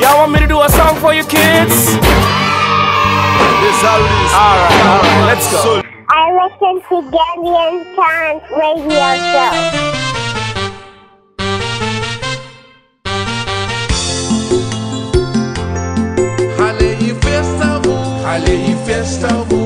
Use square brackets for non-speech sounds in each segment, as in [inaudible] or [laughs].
Y'all want me to do a song for you kids? Alright, alright, let's go. I listen to Ghanaian Times radio show. festival, Festival.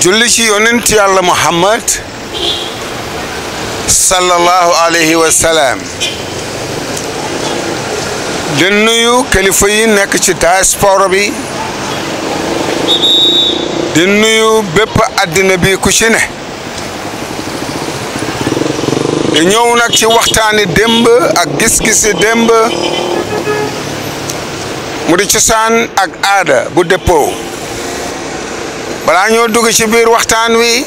julli ci yonent yàlla muhammad sallallahu alayhi wa salaam di nuyu kilifa yi nekk ci diaspora bi di nuyu bépp àddina bi ku ci ne di ñëw ci waxtaani demb ak gis-gisi démb mu di cosaan ak aada bu dëppoo balaa ñoo dugg ci biir waxtaan wi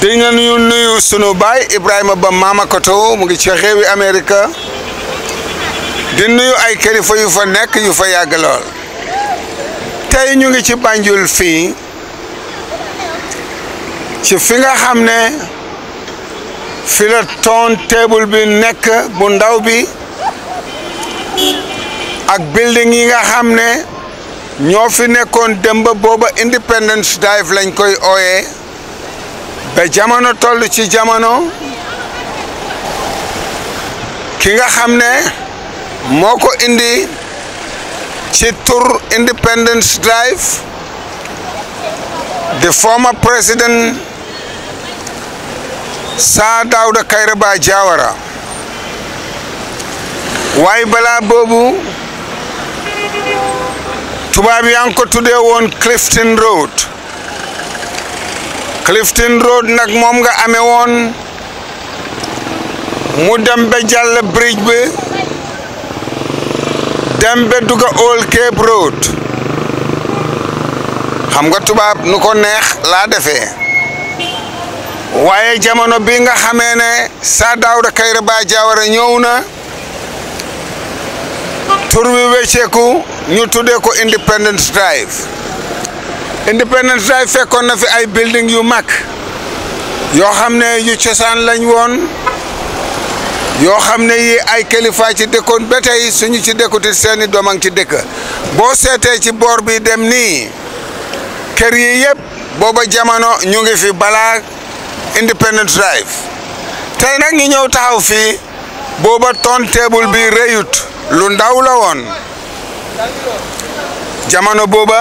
dinañu nuyu sunu baay Ibrahima Ba Mamakoto mu ngi ci réewi Amérique di nuyu ay kilifa yu fa nekk yu fa yàgg tey ñu ngi ci Banjul fii ci fi nga xam ne fi la bi nekk bu ndaw bi ak building yi nga xam ne. ñoo fi nekkoon démb booba Independence Drive lañ koy ooye ba jamono toll ci jamono ki nga xam ne moo ko indi ci tur Independence Drive the former president Sir Dawda Kairaba Jawara waaye balaa boobu tubaab yaa ngi ko tuddee woon Clifton Road Clifton Road nag moom nga ame woon mu dem ba jàll bridge bi dem ba dugg Old Cape Road xam nga tubaab nu ko neex laa defe waaye jamono bii nga xamee ne Sir Dawda Kairaba Jawara ñëw na tur wi wecceeku ñu tuddee ko Independence Drive Independence fekkoon na fi ay building yu mag yoo xam ne yu cosaan lañ woon yoo xam ne yi ay kilifa ci dëkkoon ba tey suñu ci dëkkutit seeni doomang ci dëkk boo seetee ci boor bi dem nii kër yi yëpp booba jamono ñu ngi fi balaa Independence Drive tey nag ñu ñëw taxaw fii booba ton table bi rëyut lu ndaw la woon jamono booba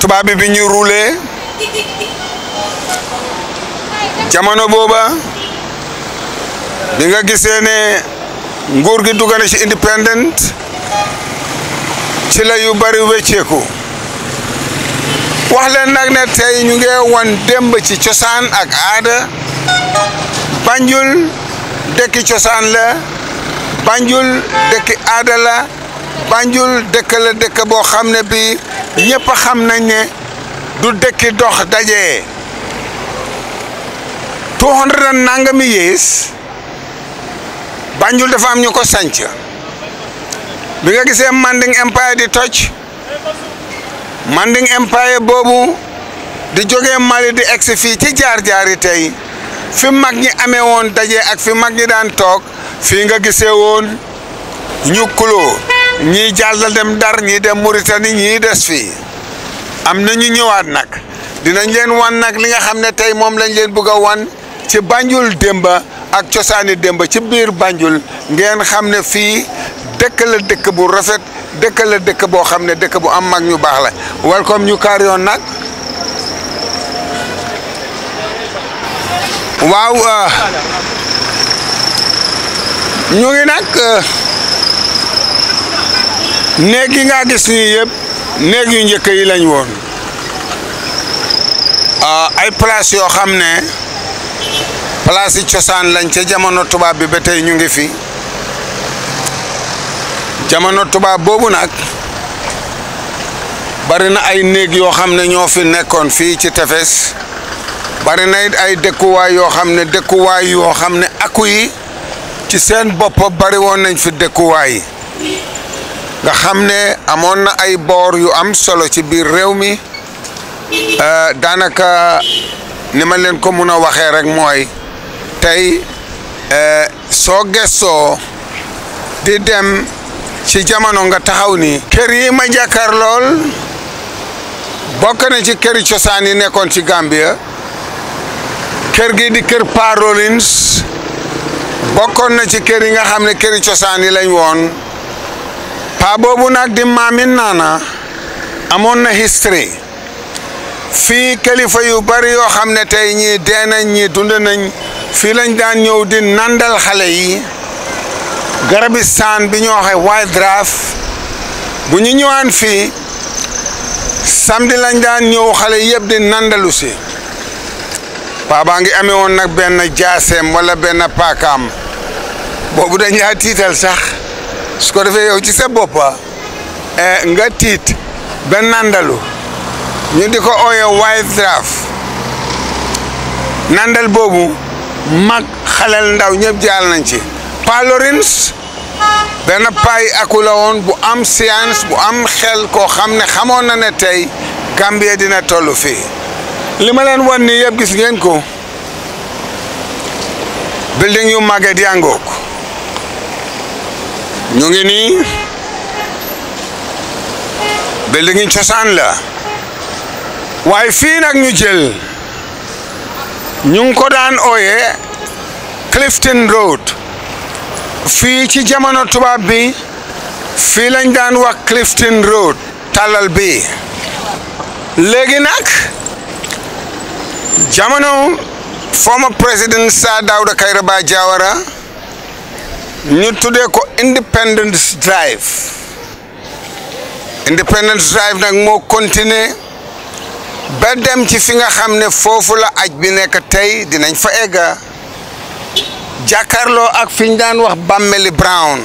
tubaab bi bi ñu rulee jamono booba bi nga gisee ne nguur gi dugg ci independent ci la yu bari wecceeku wax leen nag ne tey ñu ngi won démb ci cosaan ak aada Banjul dëkki cosaan le Banjul dëkk aada la Banjul dëkk la dëkk boo xam ne bi ñëpp xam nañ ne du dëkk dox daje. 200 nangami yees Banjul dafa am ñu ko sanc bi nga gisee Manding Empire di toj Manding Empire boobu di jógee Mali di egsi fii ci jaar-jaari tey fi mag ñi amee woon daje ak fi mag ñi daan toog. fii nga gisee woon ñu kuloo ñii jàll dem dar ñii dem Mauritanie ñii des fii am na ñu ñëwaat nag dinañ leen wan nag li nga xam ne tey moom lañ leen bëgg a wan ci Banjul démba ak cosaani démba ci biir Banjul ngeen xam ne fii dëkk la dëkk bu rafet dëkk la dëkk boo xam ne dëkk bu am mag ñu baax la welcome ñu kaar yoon nag waaw euh, ñu ngi nag euh, néeg yi nga gis nii yëpp néeg yu njëkk yi lañ woon euh, ay place yoo xam ne place yi cosaan lañ ca jamono tubaab bi ba tey ñu ngi fi jamono tubaab boobu nag bari na ay néeg yoo xam ne ñoo fi nekkoon fii ci tefes bari na it ay dëkkuwaay yoo xam ne dëkkuwaay yoo xam ne akku yi ci seen bopp bari woon nañ fi dëkkuwaay nga xam ne amoon na ay boor yu am solo ci biir réew mi euh, daanaka ni ma leen ko mun a waxee rek mooy tey euh, soo gëstoo di dem ci jamono nga taxaw ni kër yi ma jàkkaar lool bokk ci kër cosaan yi nekkoon ci Gambia kër gi di kër Parolins bokkoon na ci kër yi nga xam ne këri cosaan yi lañ woon paa boobu nag di maamin naana amoon na history fii kilifa yu bari yoo xam ne tey ñii dee ñii dund nañ fii lañ daan ñëw di nandal xale yi garabi saan bi ñoo waxee wild bu ñu ñëwaan fii samedi lañ daan ñëw xale yëpp di nandalu si paa baa ngi amee woon nag benn jaaseem walla benn paakaam boobu dañ laa tiital sax su ko defee yow ci sa boppa ah, eh, nga tiit ba nandalu ñu di ko ooye wild draft nandal boobu mag xalal ndaw ñëpp jaal nañ ci Pa Lawrence benn paay aku la woon bu am science bu am xel koo xam ne xamoon na ne tey Gambie dina toll fii li ma leen nii yëpp gis ngeen ko building yu màgget di ngoog ñu ngi nii building yi cosaan la waaye fii nag ñu jël ñu ngi ko daan ooyee Clifton Road fii ci jamono tubaab bi fii lañ daan wax kliftin Road tàllal bi léegi nag jamono former président Sir Dawda Kairaba Jawara ñu tuddee ko Independence Drive Independence Drive nag moo continuer ba dem ci fi nga xam ne foofu la aj bi nekk tey dinañ fa egga jàkkaarloo ak fi ñu daan wax Bameli Brown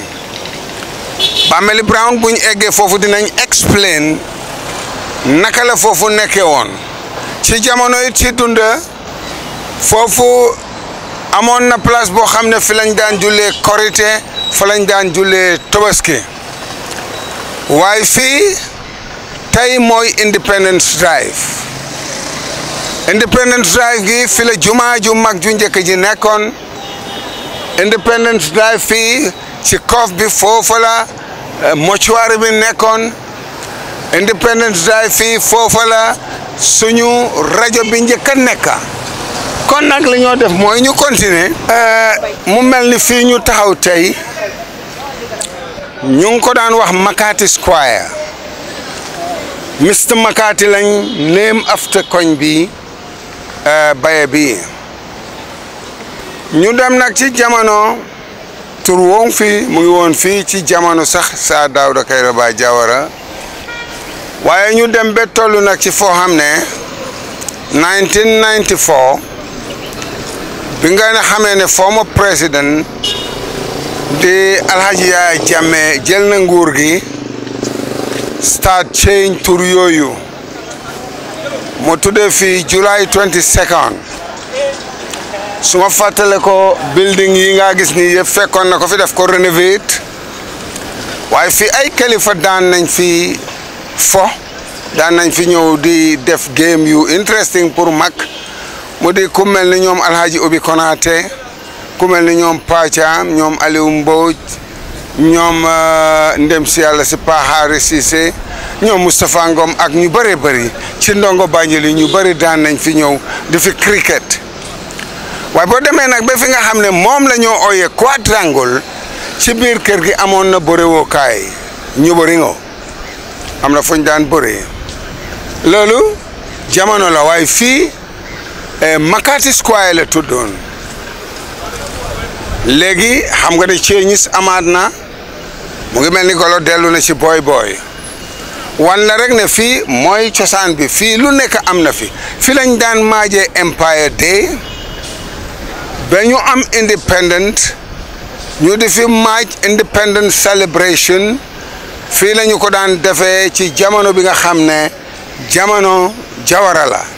Bameli Brown bu ñu eggee foofu dinañ explain naka la foofu nekkee woon ci jamono yi ci dund foofu. amoon na place boo xam ne fi lañ daan julee korite fa lañ daan jullee tobaski waaye fii tey mooy Independence Drive Independence Drive gi fi la jumaa ju mag ju njëkk ji nekkoon Independence Drive fii ci koof bi foofa la eh, mochuwaar bi nekkoon Independence Drive fii foofa la suñu rajo bi njëkk a nekka kon nag li ñoo def mooy ñu continuer. Euh, mu mel ni fii ñu taxaw tey ñu ngi ko daan wax Makati Square Mr Makati lañ name after koñ bi euh, baye bi ñu dem nag ci jamono tur woon fii mu ngi woon fi ci jamono sax Sir Dawda Kairaba Jawara waaye ñu dem ba tollu nag ci foo xam ne 1994. bi nga ne xamee ne former président di Alhaji Yaya Jammeh jël na nguur gi start change tur yooyu moo tuddee fii July 22nd su ma fàttale ko building yi nga gis ni yëpp fekkoon na ko fi def ko rénovate waaye fii ay kilifa daan nañ fi fo daan nañ fi ñëw di def game yu interesting pour mag mu di ku mel ni ñoom Alhaji Obi Konaté ku mel ni ñoom Pathiam ñoom Aliou Mbodj ñoom euh, ndem si yàlla si Paxaari Cissé ñoom Moustapha Ngom ak ñu bëree bëri ci ndongo Banjul yi ñu bëri daan nañ fi ñëw di fi cricket waaye boo demee nag ba fi nga xam ne moom lañoo ñoo ko quadrangle ci biir kër gi amoon na bëréwookaay ñu bëriŋoo am na fu ñu daan bëree loolu jamono la waaye fii. Eh, McCarthy Square la tuddoon léegi xam nga ne changes amaat na mu ngi mel ni golo dellu na ci booy booy wan la rek ne fii mooy cosaan bi fii lu nekk am na fi fi lañ daan maajee Empire Day ba ñu am independent ñu di fi maaj independent celebration fii lañu ko daan defee ci jamono bi nga xam ne jamono jawara la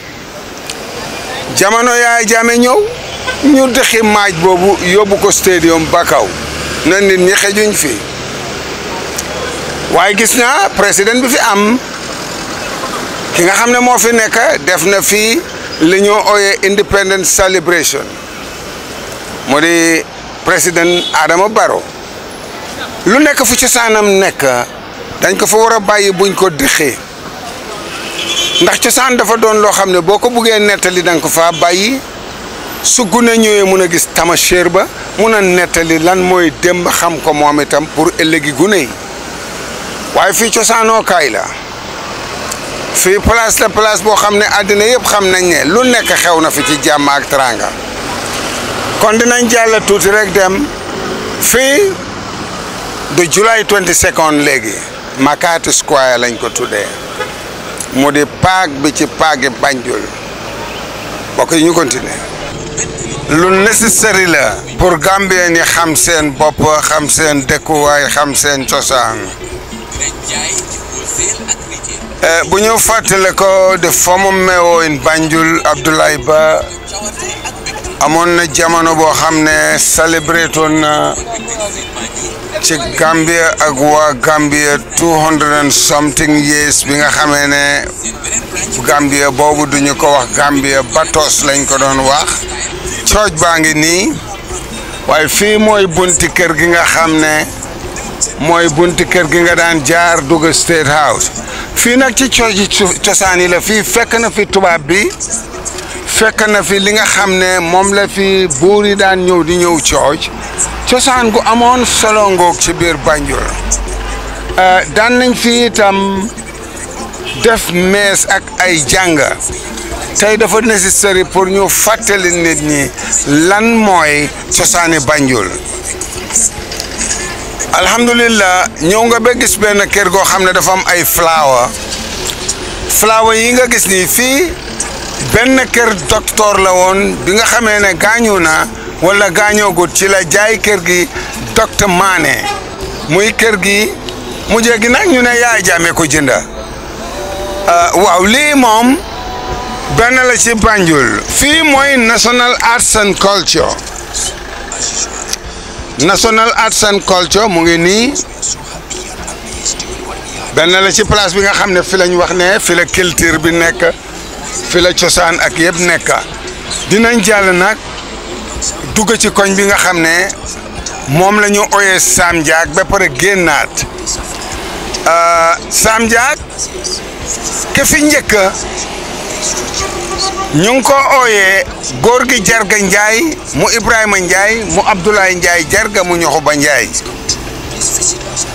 jamono yaay jaame ñëw ñu dexi maaj boobu yóbbu ko stadium Bakau na nit ñi xejuñ fi waaye gis naa président bi fi am ki nga xam ne moo fi nekk def na fii li ñoo ooyee independence celebration mu di président Adama Barrow lu nekk fu cosaanam nekk dañ ko fa war a bàyyi buñ ko dexee ndax cosaan dafa doon loo xam ne boo ko buggee nettali da ko faa bàyyi su gune ñëwee mun a gis tamacheer ba mun a nettali lan mooy demb xam ko moom itam pour ëllëgi gune yi waaye fii cosaanookaay la fii place la place boo xam ne àddina yëpp xam nañ ne lu nekk xew na fi ci jàmm ak teraanga kon dinañ jàll tuuti rek dem fii du July 22 léegi Makati Square lañ ko tuddee. mu di paak bi ci paagi Banjul mbokk yi ñu continuer lu nécessaire la pour Gambien ni xam seen bopp xam seen dëkkuwaay xam seen cosaan eh, bu ñu fàttale ko de former mayor in Banjul Abdoulaye Ba amoon na jamono boo xam ne célébré na ci Gambia ak waa Gambia bi nga xamee ne Gambia boobu duñu ko wax Gambia Batos lañ ko doon wax cooj baa ngi nii waaye fii mooy bunti kër gi nga xam mooy bunti kër gi nga daan jaar dugg State House fii nag ci cooji cosaan yi la fii fekk na fi tubaab bi fekk na fi li nga xam ne moom la fi buur yi daan ñëw di ñëw cooj cosaan gu amoon solo ci biir Banjul euh, daan nañ fi itam def mees ak ay jànga tey dafa nécessaire pour ñu fàttali nit ñi lan mooy cosaani Banjul alhamdulillah ñëw nga ba gis benn kër goo xam ne dafa am ay flower flower yi nga gis nii fii benn kër docteur la woon bi nga xamee ne gaañu na wala gaañoogut ci la jaay kër gi docteur Mané muy kër gi mu gi nag ñu ne yaay jaame ko jënda ah, waaw lii moom benn la ci Banjul fii mooy National Arts and Culture National Arts and Culture mu ngi nii benn la ci place bi nga xam ne fi lañ wax ne fi la culture bi nekk fi cosaan ak yëpp nekk dina jàll nag dugg ci koñ bi nga xam ne moom lañu ñu oyee Sam Diak ba pare génnaat euh, Sam Diak ke fi njëkk ñu ngi ko ooyee góor gi Jarga Njaay mu Ibrahima Njaay mu Abdoulaye Njaay Jarga mu Ñoxuba Njaay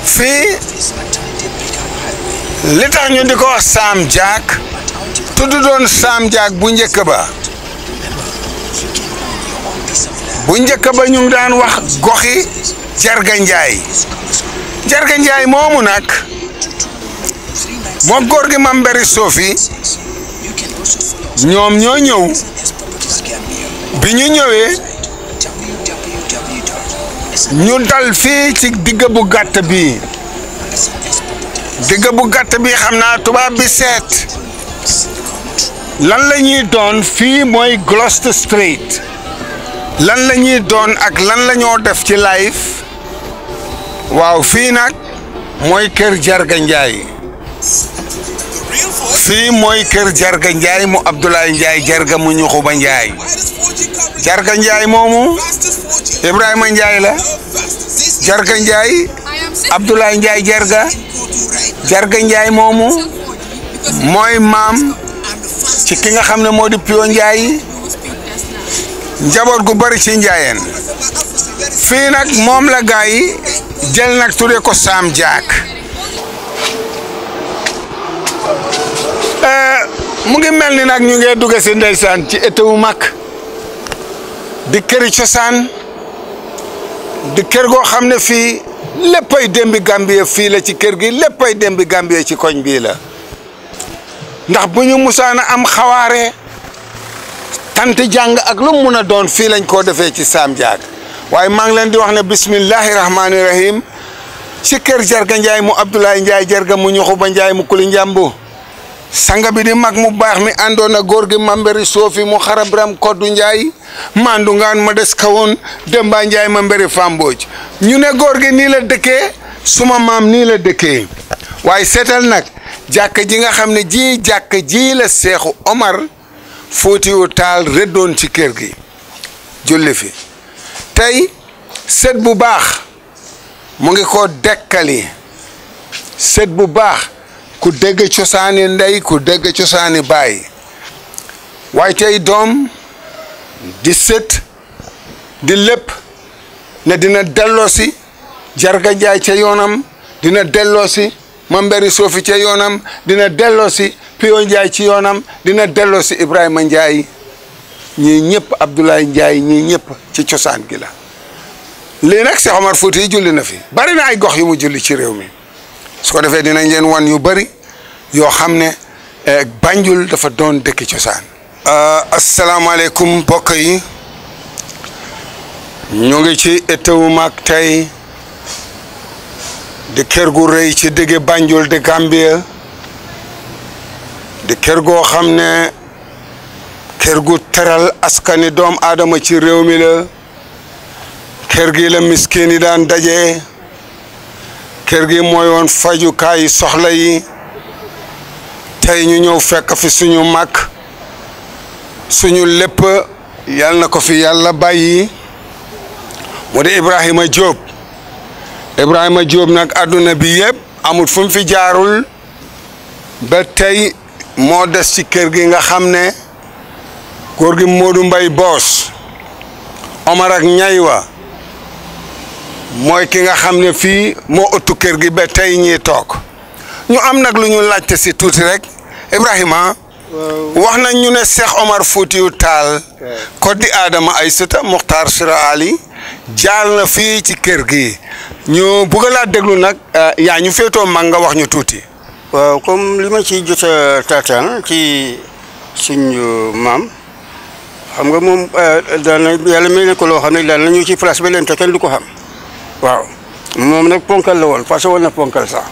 fii li tax di ko wax Sam tudd doon saam jaag bu njëkk ba bu njëkk ba ñu ngi daan wax goxi jarga njaay jarga njaay moomu nag moo góor gi mam beri soofi ñoom ñoo ñëw bi ñu ñëwee ñu dal fii ci bu gàtt bi bu gàtt bi xam naa bi seet lan lañuy doon fii mooy Gloucester Street lan lañuy doon ak lan la def ci live waaw fii nag mooy kër Jarga Ndiaye fii mooy kër Jarga Ndiaye mu Abdoulaye Ndiaye Jarga mu ñu xuba Jarga Ndiaye moomu Ibrahima Ndiaye la Jarga Ndiaye Abdoulaye Ndiaye Jarga Jarga Ndiaye moomu mooy maam. ci ki nga xam ne moo di Pio Ndiaye njaboot gu bari ci njaayeen fii nag moom la gaa yi jël nag tuddee ko Saam Jaak euh, mu ngi mel ni nag ñu ngi dugg si ndeysaan ci été mag di këri cosaan di kër goo xam ne fii léppay démbi Gambie fii la ci kër gi léppay dembi Gambie ci koñ bii la. ndax buñu musana am xawaare tante jang ak lu feeling a doon fi lañ ko defee ci sam jaag waye ma ngi leen di wax ne bismillahi rahim ci kër jarga njaay mu abdoulaye njaay jarga mu ñuxu ba njaay mu kuli njàmbu sanga bi di mag mu bax mi andona gor gi mamberi sofi mu xarabram koddu njaay mandu ngaan ma des kawon demba njaay mambéri fambooj ñu ne gor gi ni la dëkkee suma mam ni la waye nak jàkk ji nga xam ne jii jàkk ji la seexu Omar Foutiou Taal rëddoon ci kër gi julli fi tey sët bu baax mu ngi ko dekkali sët bu baax ku dégg cosaani ndey ku dégg cosaani baay waay tey doom di sët di lépp ne dina delloosi jarga jaay ca yoonam dina delloosi Mame Mbéry Sofi ce yoonam dina delloo si Pio njaay ci yoonam dina delloo si Ibrahima njaay ñii ñëpp Abdoulaye njaay ñii ñëpp ci cosaan gi la. lii nag Cheikh fuuti Fouti yi julli na fi bari na ay gox yi mu julli ci réew mi su ko defee dinañ leen wan yu bari yoo xam ne e, Banjul dafa doon dëkk cosaan. asalaamaaleykum mbokk yi ñu ngi ci ëttewu mag tey. di kër gu rëy ci digg Banjul di Gambia di kër goo xam ne kër gu teral askani doom aadama ci réew mi la kër gi la miskin yi daan daje kër gi mooy woon fajukaayu soxla yi tey ñu ñëw fekk fi suñu mag suñu lépp yal na ko fi yàlla bàyyi mu di Ibrahima Diop. Ibrahima Diop nag àdduna bi yëpp amul fu fi jaarul ba tey moo des ci kër gi nga xam ne góor gi Modou Mbaye Boos Omar ak Ñaywa mooy ki nga xam ne fii moo otu kër gi ba tey ñiy toog ñu am nag lu ñu laajte si tuuti rek Ibrahima wax nañ ñu ne Cheikh Omar Foutiyou Tall ko di Adama Aysata Mokhtar Sira Ali jaal na fii ci kër gi ñu bëgg laa déglu nag euh, yaa ñu féetoo mag nga wax ñu tuuti. waaw comme li ma ci jot a taataan ci suñu mam xam nga moom euh, daan na yàlla may na ko loo xam ne daan na ñu ci place ba leen te kenn du ko xam waaw moom nag ponkal la woon parce woon na ponkal sax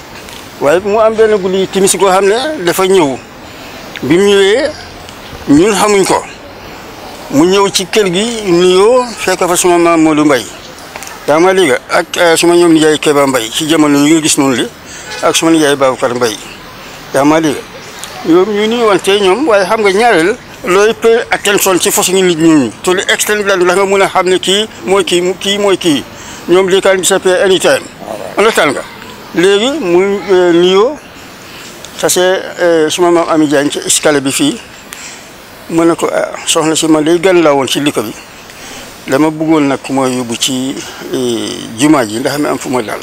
waaye mu am benn guddi timis goo xam ne dafa ñëw bi mu ñëwee ñun xamuñ ko. mu ñew ci kër gi nuyo fekk fa suma maam Modou mbay dama li ga ak suma ñom ñay Keba mbay ci jëmono ñu gis non li ak suma nijaay Babacar Mbaye yaa ma liga ñom ñu nuyu wante ñom way xam nga ñaaral loy pe attention ci façon nit ñooñu te lu externe la nga mëna xam ne ki ki li kan anytime understand nga léegi mu eh, nuyoo c'est eh, suma maam Ami ci escalier bi fi mu ne ko ah, soxna si man day gan laa woon ci liko bi dama bëggoon nag mooy yóbbu ci eh, jumaa ji ndax mi am fu ma dal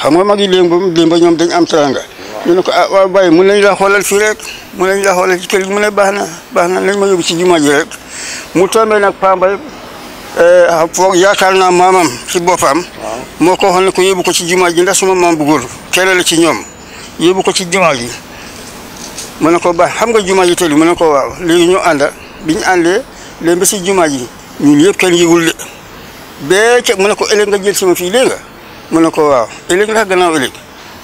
xam nga mag yi léegi ba ñoom dañ am teranga ñu ne ko a ah, bay bàyyi mun nañ laa xoolal fii rek mun nañ laa xoolal ci kër gi mu ne baax na baax na nañ ma yóbbu ci jumaa ji rek mu tombee nag Pambay eh, ah, foog yaakaar naa maamam ci boppam. moo ko waxoon ne ko yóbbu ko ci jumaa ji ndax suma maam bu góor kenn ci ñoom yóbbu ko ci jumaa ji. mu ne ko baax xam nga jumaa ji tëdd mën ne ko waaw léegi ñu ànda bi ñu àndee léegi ba si jumaa ji ñun yëpp kenn yëgul de bee ca mu ne ko ëllëg nga jël si ma fii léegi mu ne ko waaw ëllëg ndax gannaaw ëllëg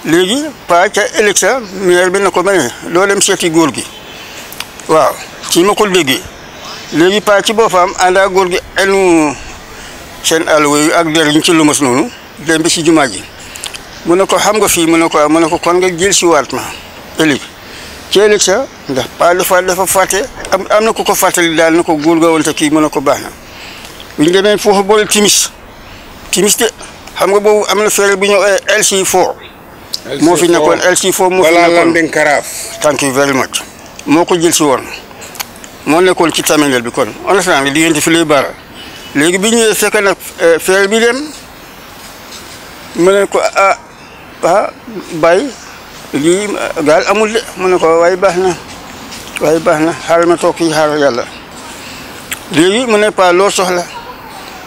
léegi pa ca sa maire ko mane loo dem seeti góor gi waaw ci ma ko déggee léegi pa boo boppam àndaa góor gi enu seen alluwayu ak der yi ci lumas noonu dem ba si jumaa ji mu ne ko xam nga fii mën ne ko mu ne ko kon nga jël si waat ma ëllëg ceeli sa ndax pa dafa dafa am na ko ko fàttali daal na ko góor ga woon te kii mën na ko baax na bu ñu demee foofu timis timis de xam nga boobu am na feere bu ñëw eh, LC4 moo fi nekkoon LC4 moo fi nekkoon Landing Carafe thank you very much moo ko jël si moo nekkoon ci terminal bi kon honnêtement li diggante fi lay baara léegi bi ñëwee fekk nag eh, feere bi dem mu ne ko ah ah lii daal amul de mu ne ko waaye baax na waaye baax na xaaral ma toog fii xaaral yàlla léegi mu ne pa loo soxla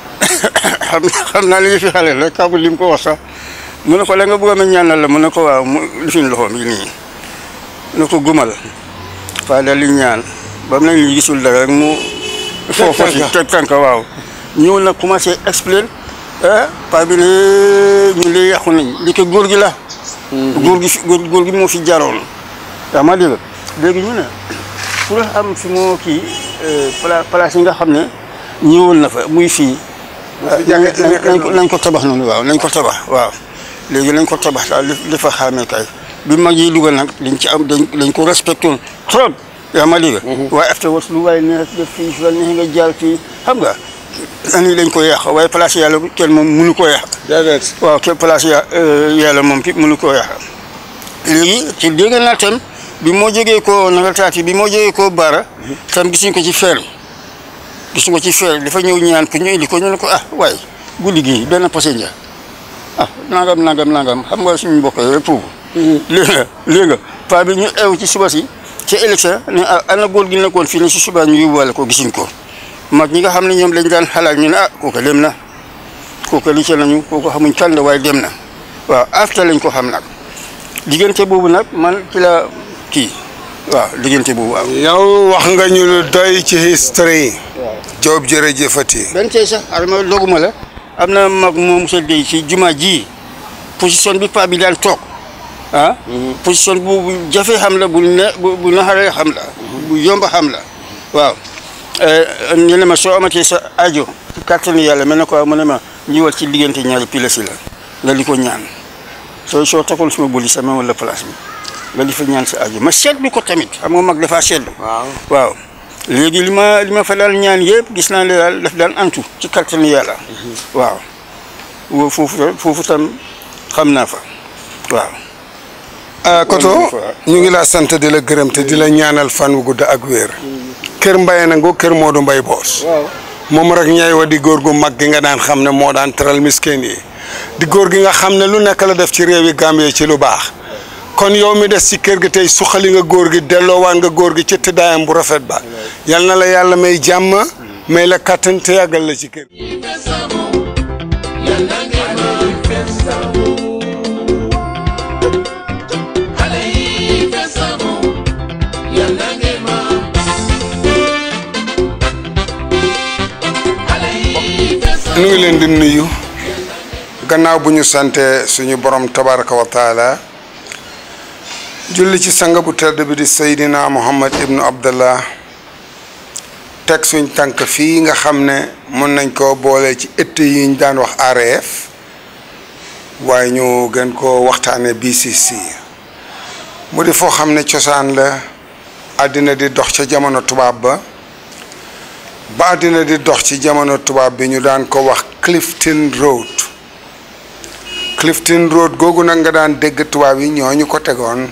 [coughs] xam xam naa li fi xale la kaabu li mu ko wax sax mu ne ko la nga bëgg a ñaanal la mu na ko waaw mu lifin loxoom yi nii na ko gumal pa dal li ñaan ba mu ne li gisul dara rek mu foofu si teg tànk waaw ñëw na commencé expliquer ah, pa bi ne ñu li yàqu li ko góor gi góor gi fi góor gi moo fi jaroon. yaa ma dégg léegi ñu ne pour am fi moo kii euh, place nga xam ne ñëwoon na fa muy fii. Ah, nañ ko tabax noonu waaw nañ ko tabax waaw. léegi nañ ko tabax daal di fa xaamee kay bi mag yi dugal nag dañ ci am dañ dañ ko respecté woon trop yaa ma dégg. Mhm. waaye after lu waaye neex def fii fii nga jaar fii xam nga. ani lañ ko yaax way place yalla kel mom munu ko yaax waaw kel place yalla euh, mom fi munu ko yaax léegi ci dégg na tam bi mo joge ko nagataati bi mo joge ko bara tam gisuñ ko ci fer gis ko ci fer dafa ñew ñaan ku ñu indi ñu ko ah way bu ligi ben passenger ah nangam nangam nangam xam nga suñu mbokk yooyu puubu mm-hmm. léegi léegi paa bi ñu ew ci suba si ci election ah, ana gol gi nekkon fi ni ci suba ñu yubal ko gisuñ ko mag ñi nga xam ne ñoom lañ daan xalaat ñu ne ah kooku dem na kooku liggéey nañu kooku xamuñ kan la waaye dem na waaw afta lañ ko xam nag diggante boobu nag man ci kii waaw diggante boobu waaw. yow wax nga ñu lu doy ci history yi. waaw Diop jërëjëfati. benn tey sax doguma la. am na mag moom sa dey ci juma ji position bi paa bi daan toog ah. Mhm. position bu jafe xam la ne bu naxaree xam la. Mhm. bu yomb xam la waaw. Euh, ñu ne ma soo amatee sa ajo ci kàttanu yàlla mel na ko mu ne ma ñëwal ci diggante ñaari pilas yi la nga di ko ñaan soo soo taxul suma bëri sa même wala place bi nga di fa ñaan sa aajo ma seetlu ko tamit xam nga mag dafaa seetlu. waaw léegi li ma li fa daal ñaan yëpp gis naa ne daal daf daan antu ci kàttanu yàlla. Mhm. waaw woo foofu tam xam naa fa waaw. Ah, Koto ñu ngi laa sant di la gërëm te di la ñaanal fan wu gudd kër Mbaye nangu kër moo du mbay boos. moom rek ñay wa di góor gu mag gi nga daan xam ne moo daan teral miskin yi di góor gi nga xam ne lu nekk la def ci réewi Gambie ci lu baax. kon yow mi des ci kër gi tey suqali nga góor gi delloo delloowaan nga góor gi ci tëddaayam bu rafet ba yal na la yàlla may jàmm may la kàttan te yàggal la ci kër nu ngi leen di nuyu gannaaw bu ñu sante suñu borom tabaraka wa julli ci sanga bu tedd bi di Seydina Muhammad ibnu Abdallah teg suñ tànk fii nga xam ne mën nañ koo boole ci ëtt yi ñu daan wax ARF waaye ñu gën koo waxtaane BCC mu di foo xam ne cosaan la àddina di dox ca jamono tubaab ba ba àddina di dox ci jamono tubaab bi ñu daan ko wax Clifton Road Clifton Road googu nag nga daan dégg tubaab yi ñoo ñu ko tegoon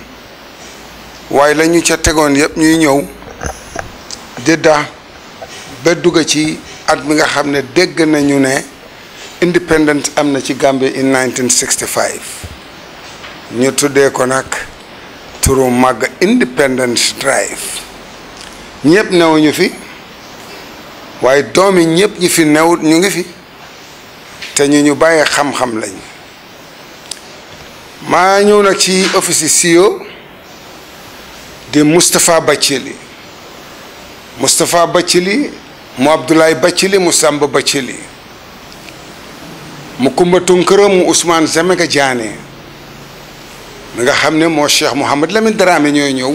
waaye lañu ñu ca tegoon yëpp ñuy ñëw di da ba ci at bi nga xam ne dégg nañu ne independence am na ci Gambie in 1965 ñu tuddee ko nag turu màgg Independence Drive ñëpp newuñu fi. waaye doom yi ñëpp ñi fi newut ñu ngi fi te ñu ñu bàyyi xam-xam lañ maa ñëw nag ci office CEO de Moustapha Bathily Moustapha Bathily mu Abdoulaye Bathily mu Samba li mu Kumba Tunkara mu Ousmane Jamega Diané mi nga xam ne moo Cheikh Mouhamed Lamine Dramé ñooy ñëw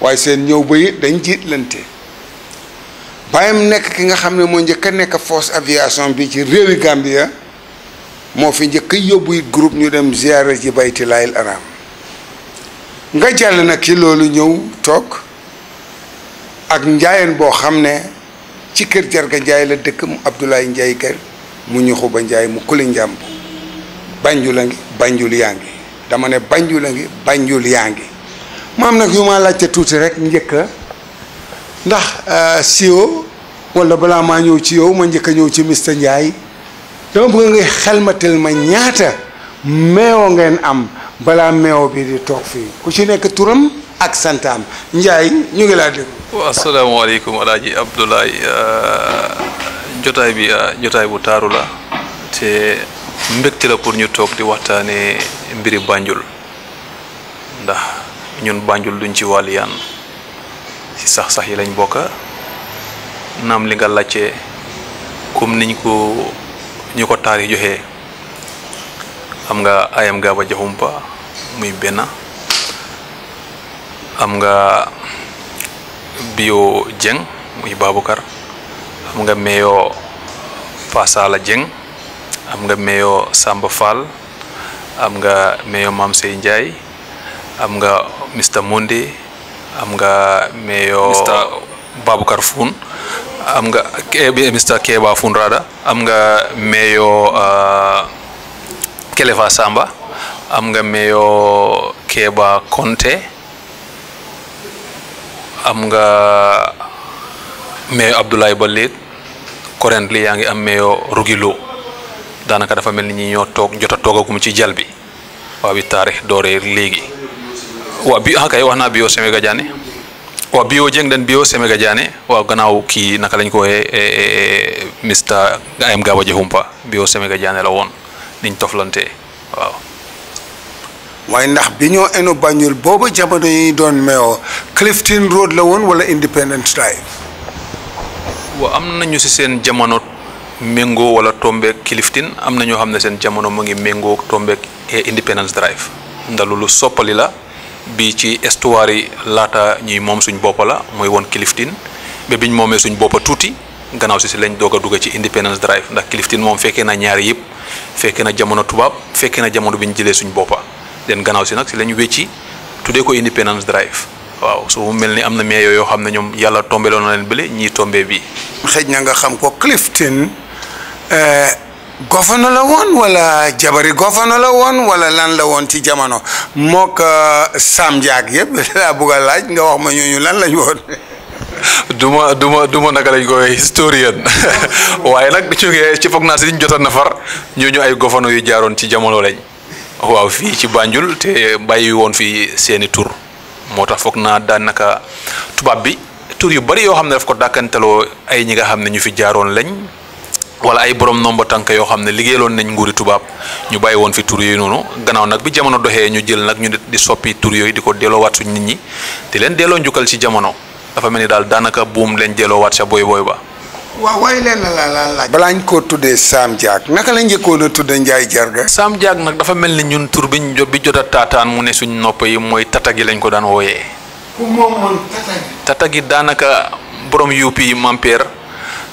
waaye seen ñëw ba it dañ jiitlante bàyyam nekk ki nga xam ne moo njëkk a nekk force aviation bi ci réewi Gambia moo fi njëkk a yóbbu groupe ñu dem ziyaara ji bayti laayil araam nga jàll nag ci loolu ñëw toog ak njaayeen boo xam ne ci kër jarga njaay la dëkk mu Abdoulaye Njaay kër mu ñuxu ba njaay mu kuli njàmb banjul a ngi banjul yaa ngi dama ne banjul a ngi banjul yaa ngi maam nag yu ma laajte tuuti rek njëkk ndax euh, sio wala balaa maa ñëw ci yow ma njëkk a ñëw ci Mr Ndiaye dama bëgg nga xelmatal ma ñaata meew ngeen am balaa meew bi di toog fii ku ci nekk turam ak santaam Ndiaye ñu ngi laa déglu. waaw asalaamaaleykum El Hadj Abdoulaye euh, jotaay bi euh, jotaay bu taaru la te mbégte la pour ñu toog di waxtaanee mbiri bànjul ndax ñun bànjul duñ ci wàll yaan ci sax sax yi lañ bokk nam li nga laccé kum niñ ko ñuko taari joxe am nga ayam ga ba joxumpa muy benn am nga bio jeng muy babukar am nga meyo fasala jeng am nga meyo samba fall am nga meyo mam sey njay am nga mr monde am nga meyo Mr. babacar foun am nga eh, mr keba funrada am nga meyo uh, kelefa samba am nga meyo keba conte am nga meyo abdoulaye ballit currently yaa ngi am meyo rugilo danaka dafa mel ni ñi ñoo toog jota toogagum ci jalbi bi bi taarix doore léegi wa bio haka yo waxnaa bio semega jani waaw bio jeng den bio Séméga Diané waaw gannaaw kii naka lañ ko waxee Mr am Gaba humpa bio semega jani la woon niñ toflante waaw. waaye ndax bi ñoo eno Banjul booba jamono yi doon meo Clifton Road la woon wala independent Drive. waaw am nañu si seen jamono méngoo wala tombeek Clifton am na ñoo xam ne seen jamono mu ngi méngoo e Independence Drive ndalulu soppali la. bi ci estuwaar yi laata ñuy moom suñ boppa la mooy woon Clifton ba biñ moomee suñ boppa tuuti gannaaw si si lañ doog a ci Independence Drive ndax Clifton moom fekkee na ñaar yëpp fekkee na jamono tubaab fekkee na jamono bi ñu jëlee suñ boppa den gannaaw si nag si lañ wecci tuddee ko Independence Drive waaw su mel ni am na meeyoo yoo xam ne ñoom yàlla tombeloon na leen bële ñii tombe bii. xëj na nga xam ko Clifton. Euh, gofano la woon wala jabari gofano la woon wala lan la woon ci jamono mook euh, Sam Diak yëpp [laughs] laa bugg laaj nga wax ma ñooñu lan lañ woon. [laughs] duma duma duma naka lañ koy historien [laughs] waaye nag ñu ci foog naa si liñ jot a nafar ñooñu ay gofano yu jaaroon ci jamono lañ waaw fii ci Banjul te bàyyi woon fii seeni tur moo tax foog naa daanaka tubaab bi tur yu bari yoo xam ne daf ko dàkkantaloo ay ñi nga xam ne ñu fi jaaroon lañ. wala ay borom nomba tànk yo xamne ligéelon nañ nguri tubab ñu bayi won fi tour yoy nonu gannaaw nak bi jamono doxee ñu jël nak ñu di soppi tour yoy diko délo delloowaat suñ nit ñi di len délo ñukal ci jamono dafa melni dal danaka boom len délo wat sa boy boy ba. wa way len la la la balañ ko tuddee Sam Diak naka la njëkkoon na tuddee Njaay Jarga. Sam Diak nak dafa melni ñun tour biñ jot bi jot tataan mu ne suñ nopp yi moy tata gi lañ ko daan wooyee. ku mom moom tata gi. tata gi borom yuup yi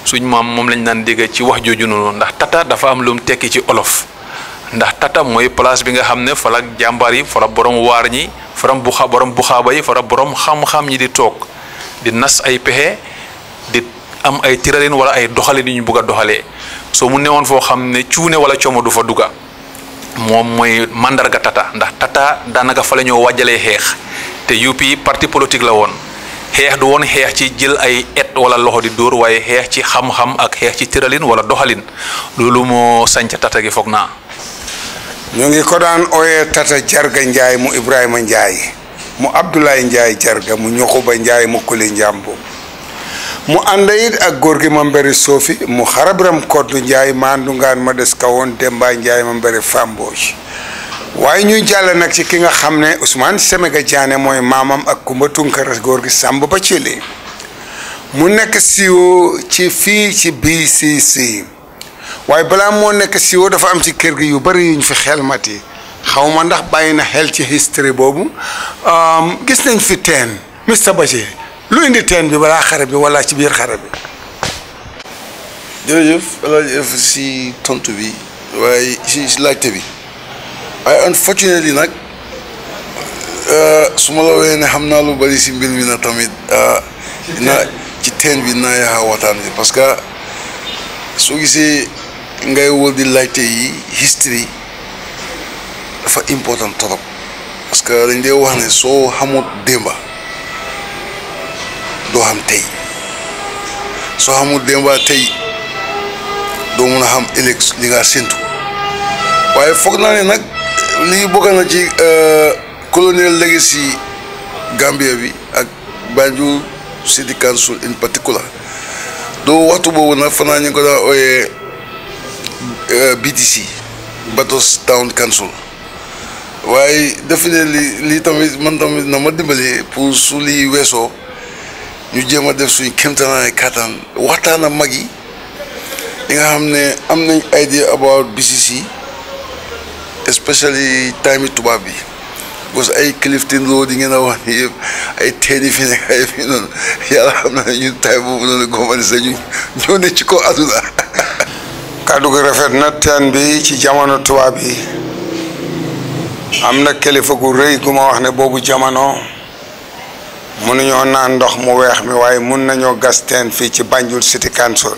suñ maam moom lañ naan dégg ci wax jooju noonu ndax tata dafa am lu mu tekki ci olof ndax tata mooy place bi nga xam ne falak jàmbaar yi fala borom waar ñi fala buxa borom buxaaba yi fala borom xam-xam ñi di toog di nas ay pexe di am ay tiralin wala ay doxalin yu ñu bugg a doxalee soo mu newoon foo xam ne cuune wala coomo du fa dugga moom mooy mandarga tata ndax tata daanaka fa la ñoo wàjjalee xeex te UP parti politique la woon. xeex du woon xeex ci jël ay et wala loxo di dóor waaye xeex ci xam-xam ak xeex ci tëralin wala doxalin lu moo sanc tata gi foog naa. ñoo ngi ko daan ooyee tata Jarga Njaay mu Ibrahima Njaay mu Abdoulaye Njaay Jarga mu Ñuxuba Njaay mu Kuli Njàmbo mu ànd it ak góor gi ma mbëri soofi mu xarabram koddu Njaay maandu ngaan ma des kawoon Demba Njaay ma mbëri Fambooj waaye ñuy jàll nag ci ki nga xam ne Ousmane Séméga Diané mooy maamam ak Kumba Tunkara góor gi Sàmb ba Thielé mu nekk siwo e ci fii ci BCC waaye balaa moo nekk siwo e dafa am ci kër gi yu bari yuñ fi xelmat yi xaw ma ndax bàyyi na xel ci history boobu gis nañ fi teen Mr Bathie lu indi teen bi balaa xare bi wala ci biir xare jërëjëf El tontu bi waaye si si bi. ay unfortunately nag uh, su ma la wee ne xam naa lu bari si mbir mi na tamit uh, na ci teen bi naa yaxa waxtaan bi parce que soo gisee ngay wër di laajte yi history dafa important trop parce que dañ dee wax ne soo xamut démba doo xam tey soo xamut démba tey doo mun a xam ëllëg li nga séntu waaye foog naa ne nag lii bokk na ci euh, colonial legacy Gambia bi ak Banjul City Council in particular doo waxtu boobu nag fanaa ñu ko daan ooyee euh, BTC Batos Town Council waaye defe ne li lii tamit man tamit na ma dimbali pour su lii weesoo ñu jéem a def suñu kéemtalaay kàttan waxtaan a mag yi li nga xam ne am nañ idea about BCC especially time tubaab bi because ay Clifton Road yi ngeen a wax ni yëpp ay teeni fi nekk ay fi noonu yàlla xam na ñun time boobu noonu goment sa ñu ñoo ne ci ko aduna kàddu gi rafet na teen bi ci jamono tubaab yi am na kilifa gu rëy gu ma wax ne boobu jamono mënuñoo naan ndox mu weex mi waaye mun nañoo gas teen fii ci Banjul City Council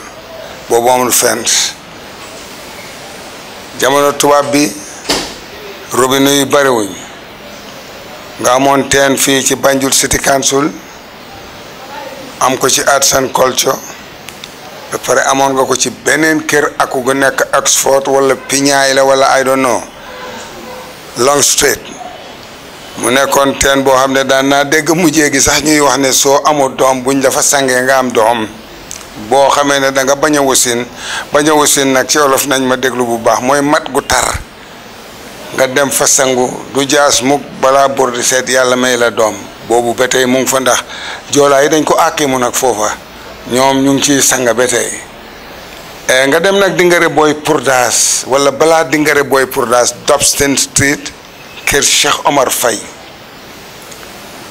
boobu amul fenn jamono tubaab bi robinet yu bariwuñ nga amoon teen fii ci Banjul City Council am ko ci Arts and Culture ba pare amoon nga ko ci beneen kër aku gu nekk Oxford wala Piñaay la wala I don't know Long Street mu nekkoon teen boo xam ne daan naa dégg mujjee gi sax ñuy wax ne soo amul doom buñ dafa sangee nga am doom boo xamee ne danga nga bañ a wasin bañ wasin nag ci olof nañ ma déglu bu baax mooy mat gu tar nga dem fa sangu du jaas mukk balaa bor di seet yàlla may la doom boobu ba tey mu ngi fa ndax joolaa yi dañ ko àkki mu nag foofa ñoom ñu ngi ciy sanga ba tey eh, nga dem nag Dingare Boy Pourdaas wala balaa Dingare Boy Pourdaas Dobston Street kër Cheikh Omar fay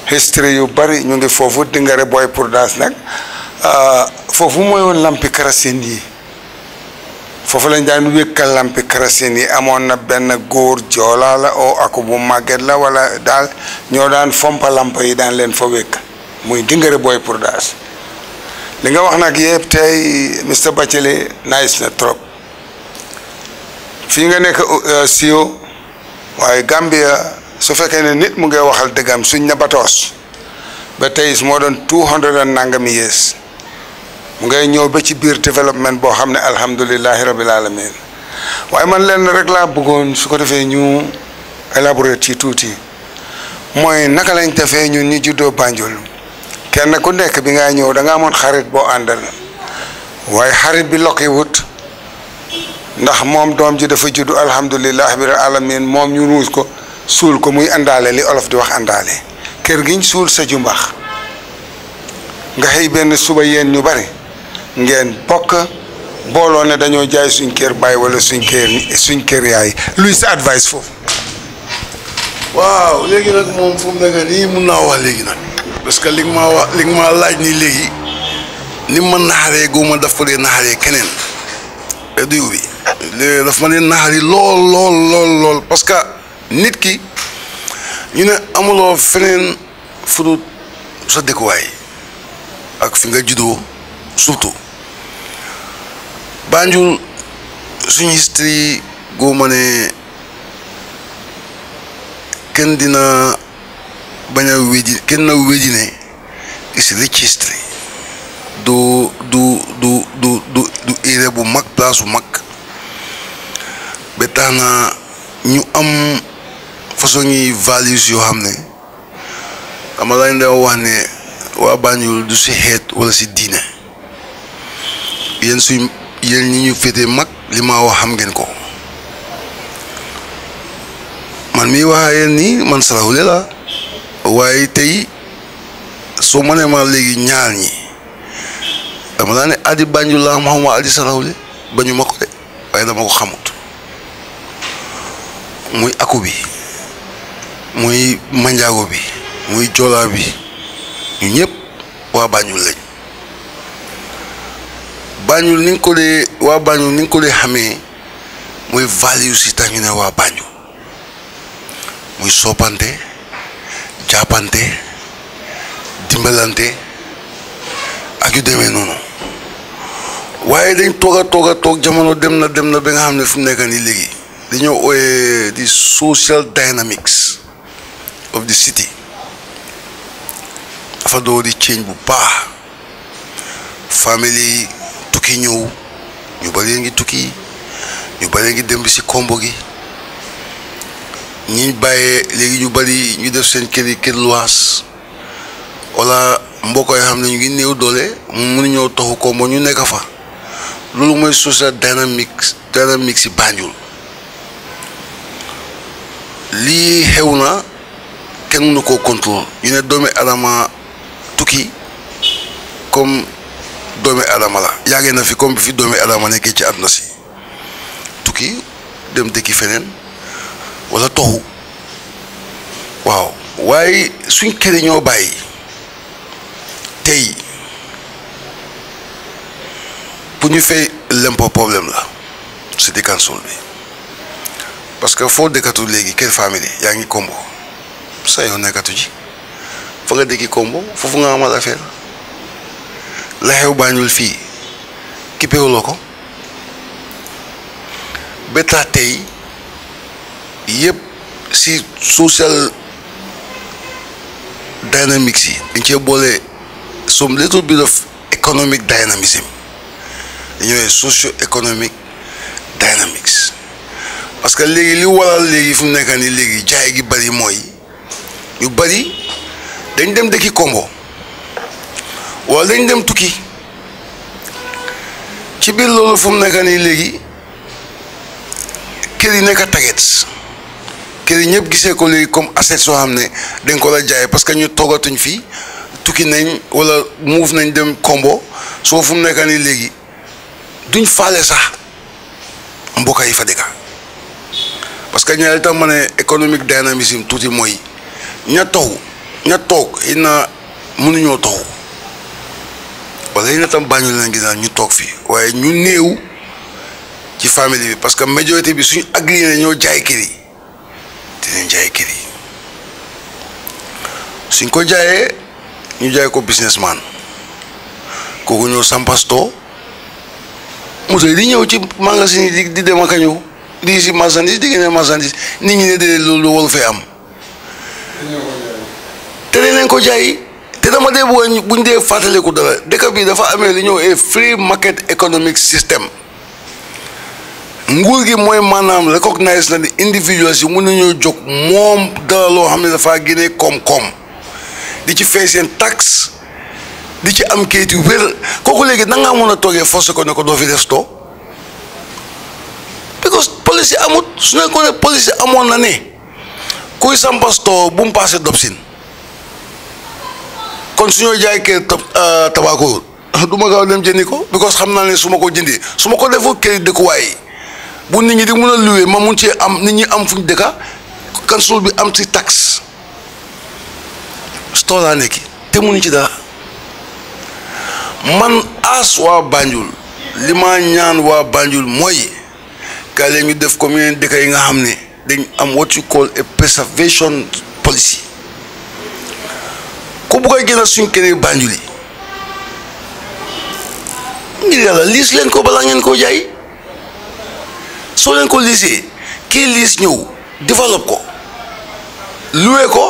history yu bari ñu ngi foofu Dingare Boy Pourdaas nag ah, foofu mooy woon lampi karasin yii fofu lañ daan wékkal lampi karasin yi amoon na benn góor joolaa la o aku bu màgget la wala dal ñoo daan fompa lamp yi daan leen fa wékk muy dingare boy pour daas li nga wax nag yëpp tey Mr Bachelet nice na trop fii nga nekk euh, sio waaye Gambia su fekkee ne nit mu ngi waxal dëggam suñ na batoos ba tey moo doon two hundred nangami years mu ngay ñëw ba ci biir développement boo xam ne alhamdulilahi rabil alamin waaye man leen rek laa bëggoon su ko defee ñu élaborer ci tuuti mooy naka lañ defee ñu ñu juddoo Banjul kenn ku nekk bi nga ñëw danga nga amoon xarit boo àndal waaye xarit bi lokki wut ndax moom doom ji dafa juddu alhamdulilah bi alamin moom ñu ruus ko suul ko muy àndaale li olof di wax àndaale kër giñ suul sa ju mbax nga xëy benn suba yéen ñu bari ngeen bokk booloo ne dañoo jaay suñ kër baay wala suñ kër suñ kër yaay luy sa advice foofu. waaw léegi nag moom fu mu nekk nii mun naa wax léegi nag. parce que li nga maa wax li nga maa laaj nii léegi ni ma naxaree góoma daf ko dee naxaree keneen. diw bi léegi daf ma dee naxari lool lool lool lool parce que nit ki ñu ne amuloo feneen fudut sa dëkkuwaay ak fi nga juddoo surtout. Banjul suñu history goo kenn dina bañ a wéji kenn na wéji ne is rich history du du du du du du bu mag place bu mag ba tax na ñu am façon yi values yoo xam ne ama lañ da wax ne waa Banjul du si xeet wala si diine yéen suñ yéen ñi ñu féete mag li ma xam ngeen ko man mii wax ni man Salawoulé la waaye tey soo ma ma léegi ñaar ñi dama laa ne Adi Banjul laa xam waa Adi Salawoulé bañu ma ko de waaye dama ko xamut muy akku bi muy manjaago bi muy joolaa bi ñu ñëpp waa Banjul lañ Banjul ni ko dee waa Banjul ni nga ko dee xamee mooy values yi tax ñu ne waa Banjul muy soppante jàppante dimbalante ak yu demee noonu waaye dañ toog a toog a toog jamono dem na dem na ba nga xam ne fu mu nekk nii léegi dañoo ooyee di social dynamics of the city dafa doo di change bu baax family tukki ñëw ñu bari ngi tukki ñu bari ngi dem si kombo gi ñi bàyyee léegi ñu bari ñu def seen kër yi luwaas wala mbokk yoo xam ne ñu ngi néew doole mënu ñëw taxu kombo ñu nekk fa loolu mooy social dynamics si Banjul lii xew na kenn mënu koo contrôle ñu ne doomi adama tukki comme doomi aadama la yàggee na fi comme fi doomi aadama nekkee ci àdduna si tukki dem dëkki feneen walla toxu waaw waaye suñ kere ñoo bàyyi tey pour ñu fay l'impôt problème la si dëkkansool bi parce que foo dëkkatu léegi kër famille yaa ngi kombo sa yoon nekkatu ji fa nga dëkki kombo foofu nga amal affaire la xew Banjul fii kippewuloo ko ba tey yëpp si social dynamics yi dañ cee boole some little bit of economic dynamism dañooy socio economic dynamics parce que léegi li waral léegi fi mu nekk nii léegi jaay gi bari mooy ñu bari dañ dem dëkki Congo wala dañ dem tukki ci biir loolu fu mu nekk nii léegi kër yi nekk taget kër yi ñëpp gisee ko léegi comme asset soo xam ne dañ ko war a jaay parce que ñu toogatuñ fii tukki nañ wala muuf nañ dem kombo soo fu mu nekk nii léegi duñ faale sax mbokk yi fa dëkk parce que ñaari tax ma ne économique dynamisme tuuti mooy ña toog ña toog it na mënuñoo toog. wala na tam bàññu leen ginaan ñu toog fii waaye ñu néew ci famille bi parce que majorité bi suñu agri ne ñoo jaay kër yi dinañ jaay kër yi suñ ko jaayee ñu jaay ko businessman kooku ñëw sampasto moto yi di ñëw ci magasin yi di di dem a ñëw di si marchandise di génne marchandise nit ñi ne de loolu waru fee am tere nañ ko jaay te dama dee bu ñu dee fàttaliku dara dëkk bii dafa amee li ñëw free market economic system nguur gi mooy maanaam recognize na ni individuals yi mun nañoo jóg moom dara loo xam ne dafa génnee koom-koom di ci fay seen tax di ci am kayit yu wér kooku léegi na ngaa mën a toogee forcé ko ne ko doo fi def sto because police amut su nekkoon ne police amoon na ne kuy sampa sto bu mu paase dobsin kon su ñoo jaay kër euh, Tabako du ma gaaw dem jëndi ko because xam naa ne su ma ko jëndee su ma ko defoo kër dëkkuwaay bu nit ñi di mun a luwee ma mun cee am nit ñi am fuñ dëkka kansul bi am ci tax stoo laa nekki te munuñ ci dara man aas waa Banjul li ñaan waa Banjul mooy kaa leen ñu def comme yeneen dëkk yi nga xam ne dañ am what you call a preservation policy ku bugg a génn suñ keneen Banjul yi ngir yàlla liis leen ko balaa ngeen koo jaay soo leen ko liisee kii liis ñëw développe ko luwe ko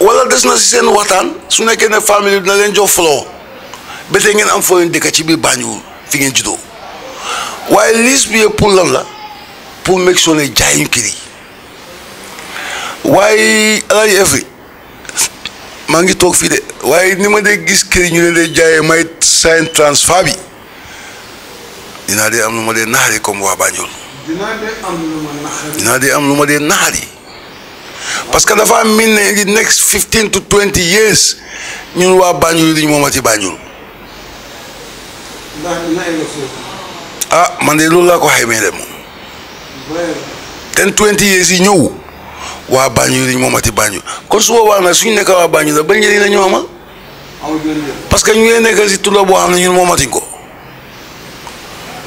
walla des na si seen waxtaan su nekkee ne famille dina leen jox floor ba tey ngeen am foo leen dëkk ci biir Banjul fi ngeen juddoo waaye liis bi yëpp lan la pour make sure ne jaayuñ kiri waaye alal yi maa ngi toog fii de waaye ni ma dee gis kër yi ñu leen dee jaayee may seen transfert bi dinaa dee am lu ma dee naxari comme waa Banjul. dinaa parce que dafa am min ne di next fifteen to twenty years ñun waa Banjul duñu moomati Banjul. ah man de loolu laa ko xaymee de moom. ten twenty years yi ñëw. bañu ñu mo mati bañu kon su boobaa na suñu nekk wa bañu da bañu njëriñ ñu amal parce que ñu ngi nekk ci tulo bo xamna ne mo mati ko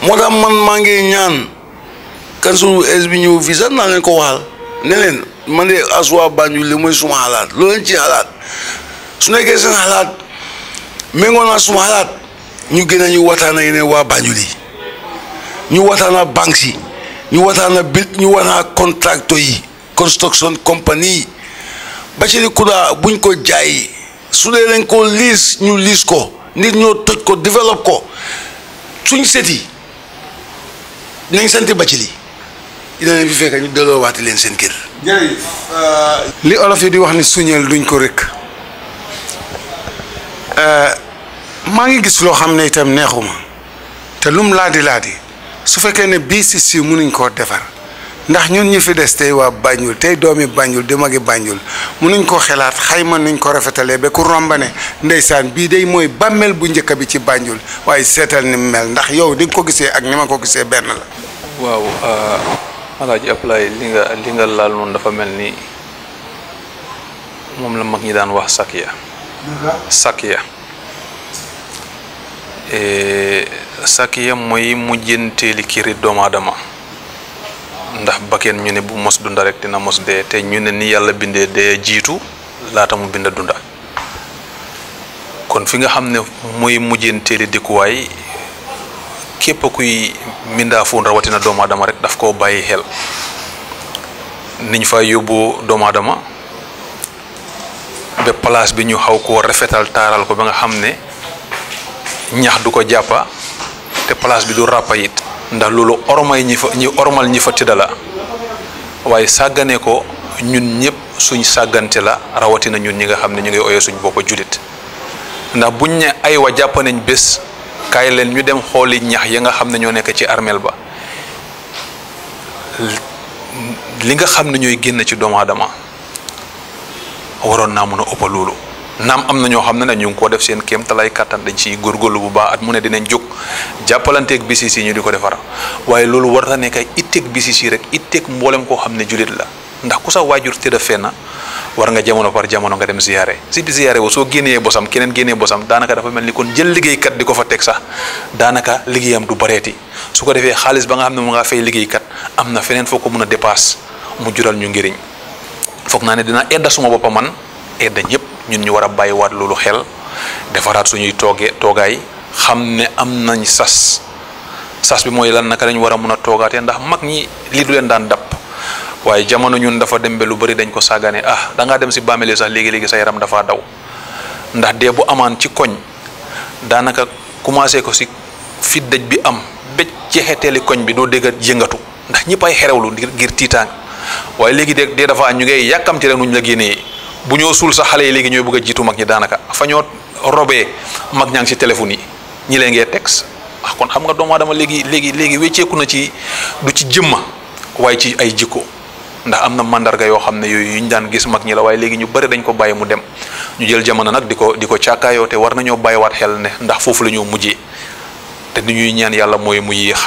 mo man ma ngi ñaan kan su es bi ñu visa na ngeen ko waal ne len man de as waa Banjul li moy suma halat lo len ci halat su nekkee sen halat. méngoo na suma halat ñu nyu ñu watana ak wa bañu li ñu watana ak ñu watana bit ñu wana ak yi construction company ba ci ni buñ ko jaay su dee dañ ko liis ñu liis ko nit ñoo toj ko développe ko suñ set seti nañ sant ba ci li dina fi fekk ñu delloo waati leen seen kër. jërëjëf euh, li olof yi di wax ni suñeel duñ ko rëkk euh, maa ngi gis loo xam ne itam neexuma te lum laadi laadi su fekkee ne bii si si munuñ koo defar. ndax ñun ñu fi des tey waa Banjul tey doomi Banjul di magi Banjul mënuñ ko xelaat xayma nuñ ko rafetalee ba ku rombane ndeysaan bii dey mooy bàmmeel bu njëkk bi ci Banjul waaye seetal ni mu mel ndax yow di ko gisee ak ni ma ko gisee benn la. waaw ah, Alaaji Ablaye li nga li nga laal dafa mel ni moom la mag ñi daan wax sakya. sakya. Eh, sakya mooy mujjanteeli kiri doomu aadama ndax bakkeen ñu ne bu mos dunda rek dina mos dee te ñu ne ni yàlla bindee dee jiitu laata mu binda dunda kon fi nga xam ne mooy mujjanteeli dikkuwaay képp kuy mindaafoon rawatina doomu aadama rek daf koo bàyyi xel niñ fa yóbbu doomu aadama ba place bi ñu xaw ko rafetal taaral ko ba nga xam ne ñax du ko jàppa te place bi du ràppa it ndax loolu ormay ñi fa ñi ormal ñi fa tëdda la waaye sàggane ko ñun ñëpp suñ sàggante la rawatina ñun ñi nga xam ne ñu ngi oyee suñ boppa julit ndax buñ ne ay wa jàpp nañ bés kaay leen ñu dem xooli ñax yi nga xam ne ñoo nekk ci armeel ba li nga xam ne ñooy génn ci doomu aadama waroon naa mën a ëpp loolu nam am na xamne xam ñu def seen kem talay katan dañ ci gorgolu bu ba at mu ne dinañ juk jappalante ak bcc ñu di defara waye lolu loolu war na nekk ay itek bcc rek itek mboolem ko xamne julit la ndax ku sa te da fenn war nga jamono par jamono nga dem ziaré ci di ziaré wo so génnee bosam kenen génnee bosam danaka dafa melni kon jël liggéeykat kat diko fa tek sax danaka liggéeyam du bareti su ko defee xaalis ba nga xamne mu fay liggéeykat am amna fenen foko mëna dépasse mu jural ñu ngirign fokk na ne dina edda suma bopam man edda ñëpp ñun ñu war a bàyyiwaat loolu xel defaraat suñuy tooge toogaay xam ne am nañ sas sas bi mooy lan naka lañ war a mun a toogaatee ndax mag ñi li du leen daan dab waaye jamono ñun dafa dem ba lu bëri dañ ko sàggane ah da ngaa dem si bàmmeel sax léegi-léegi sa yaram dafa daw ndax dee bu amaan ci koñ daanaka commencé ko si fi dëj bi am ci jeexeteeli koñ bi doo dégg yëngatu ndax ñëpp ay xerewlu ngir tiitaang waaye léegi de dee dafa ñu ngay yakam rek nuñ la génnee bu ñoo sul sa xale yi léegi ñooy bëgg jitu mag ñi daanaka fa ñoo robé mag ñang ci téléphone yi ñi lee ngey texte ah kon xam nga doomu legi legi léegi wéccé ku na ci du ci jëm waaye ci ay jikko ndax amna mandar ga yo xam yoy yu ñu daan gis mag ñi la waaye léegi ñu bëri dañ ko baye mu dem ñu jël jamana nak diko diko di té war nañu war wat xel ne ndax fofu lañu mujjé té ñuy ñaan yalla moy mu yéx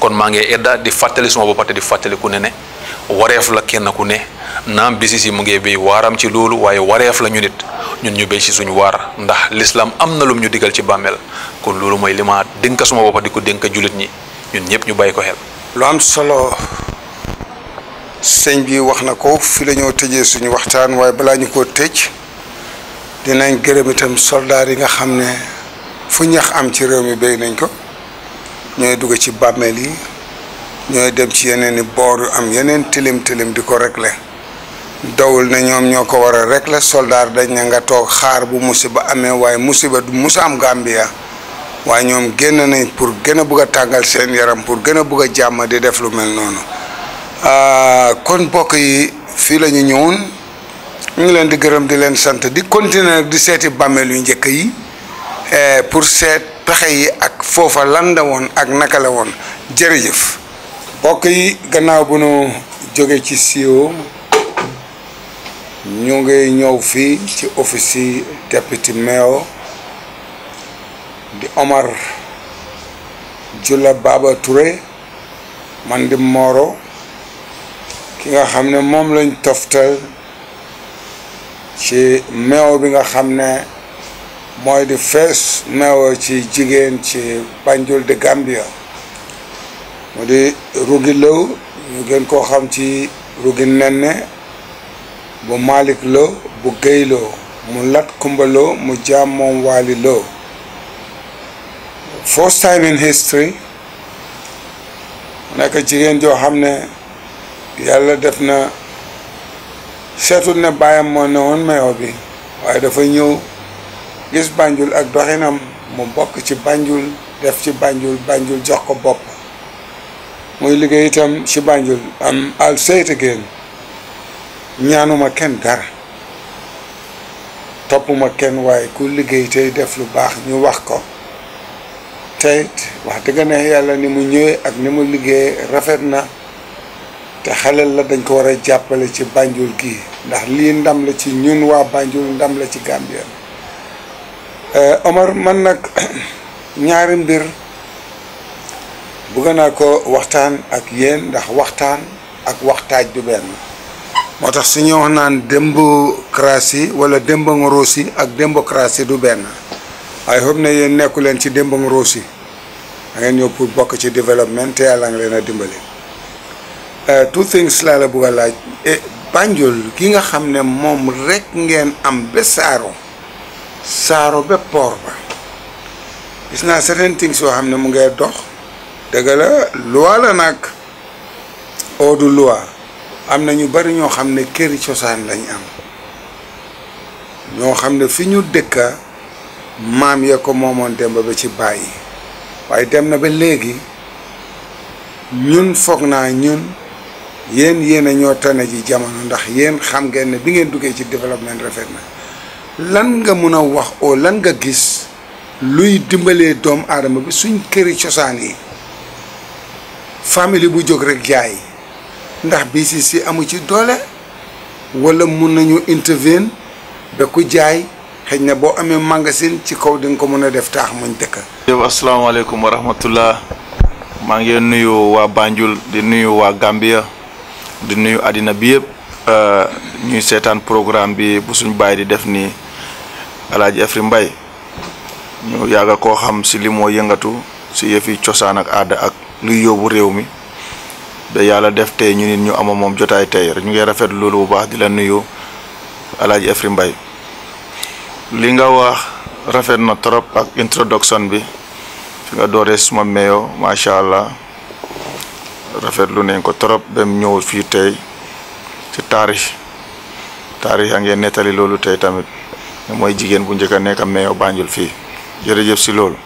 kon ma eda edda di fatali suma bopaté di fatali ku ne wareef la kenn ku ne naam bisis yi mu ngi béy waaram ci loolu waaye wareef la ñu nit ñun ñu béy ci suñu waar ndax lislaam am na lum ñu digal ci bàmmeel kon loolu mooy li ma dénk suma boppa di ko dénk jullit ñi ñun ñëpp ñu bàyyi ko xel. lu am solo sëñ bi wax na ko fi la ñoo tëjee suñu waxtaan waaye balaa ñu ko tëj dinañ gërëm itam soldaar yi nga xam ne fu ñax am ci réew mi bay nañ ko ñooy dugg ci bàmmeel yi. ñooy dem ci yeneen i boor yu am yeneen tilim tilim di ko réglé dowul ne ñoom ñoo ko war a réglé soldaar dañ ne nga toog xaar bu musiba amee waaye musiba du musa am Gambia waaye ñoom génn nañ pour gën a bugg a tàngal seen yaram pour gën a bugg a jàmm di def lu mel noonu ah, kon bokk yi fii la ñu ñëwoon ñu ngi leen di gërëm di leen sant di continuer di seeti bàmmeel yu njëkk yi eh, pour seet pexe yi ak foofa lan la woon ak naka la woon jërëjëf. mbokk yi gannaaw bu nu jóge ci siiw ñu ngi ñëw fii ci office yi député di Omar Jula Baba Touré man di Moro ki nga xam ne moom lañ toftal ci meew bi nga xam ne mooy di fees meew ci jigéen ci Banjul de Gambia mu di rugi lëw ñu gën koo xam ci rugi nenne bu Malick Lo bu Guèye Lo mu Lat Kumba Lo mu Jaam Moom Waali Lo first time in history nekk jigéen joo xam ne yàlla def na seetul ne bàyyam moo ne woon mayo bi waaye dafa ñëw gis Banjul ak doxinam mu bokk ci Banjul def ci Banjul Banjul jox ko bopp muy liggéey itam ci Banjul am al say ñaanuma kenn dara toppuma kenn waaye ku liggéey tey def lu baax ñu wax ko tey wax dëgg yàlla ni mu ñëwee ak ni mu liggéey rafet na te xalel la dañ ko war a jàppale ci bànjul gii ndax lii ndam la ci ñun waa Banjul ndam la ci Gambia eh, Omar man nag [clears throat] ñaari mbir bëgg naa ko waxtaan ak yéen ndax waxtaan ak waxtaaj du benn moo tax su ñuy wax naan démocratie wala démbangoroosi ak démocratie du benn waaye xam ne yéen nekku leen ci démbangoroosi da ngeen ñëw pour bokk ci développement te yàlla nga leen a dimbali euh, two things laa la bëgg laaj e, Banjul gi nga xam ne moom rek ngeen am ba saaro saaro ba port ba gis naa certain things yoo xam ne mu ngay dox dëgg la loi la nag oo du am na ñu bari ñoo xam ne këri cosaan lañ am ñoo xam ne fi ñu dëkka maam ya ko moomoon dem ba ci bàyyi waaye dem na ba léegi ñun foog naa ñun yéen yéen a ñoo tane ji jamono ndax yéen xam ngeen ne bi ngeen duggee ci développement rafet na lan nga mun a wax oo lan nga gis luy dimbalee doom aadama bi suñ këri cosaan yi Family bu jog rek jaay ndax BCC amu ci doole wala mën nañu intervene be ku jaay xëy bo amé magasin ci kaw di ko mëna def tax muñ dëkk. yow alaykum wa rahmatullah ma ngi nuyu wa Banjul di nuyu wa Gambia di nuyu adina bi yëpp eh, ñuy seetaan programme bi bu suñ bàyyi di def ni alaaji Efri Mbay ñu yàgg koo xam si li moo yëngatu si yëfi cosaan ak aada ak luy yóbbu réew mi da yàlla def tey ñu nit ñu ama moom jotaay tey ñu ngi rafet loolu bu baax di la nuyu Alaaji Efri Mbay li nga wax rafet na trop ak introduction bi fi nga dooree suma meyo macha allah rafetlu nañ ko trop ba mu ñëw fii tey ci taarix taarix a ngeen nettali loolu tey tamit mooy jigéen bu njëkk a nekk meyo Banjul fii jërëjëf si loolu.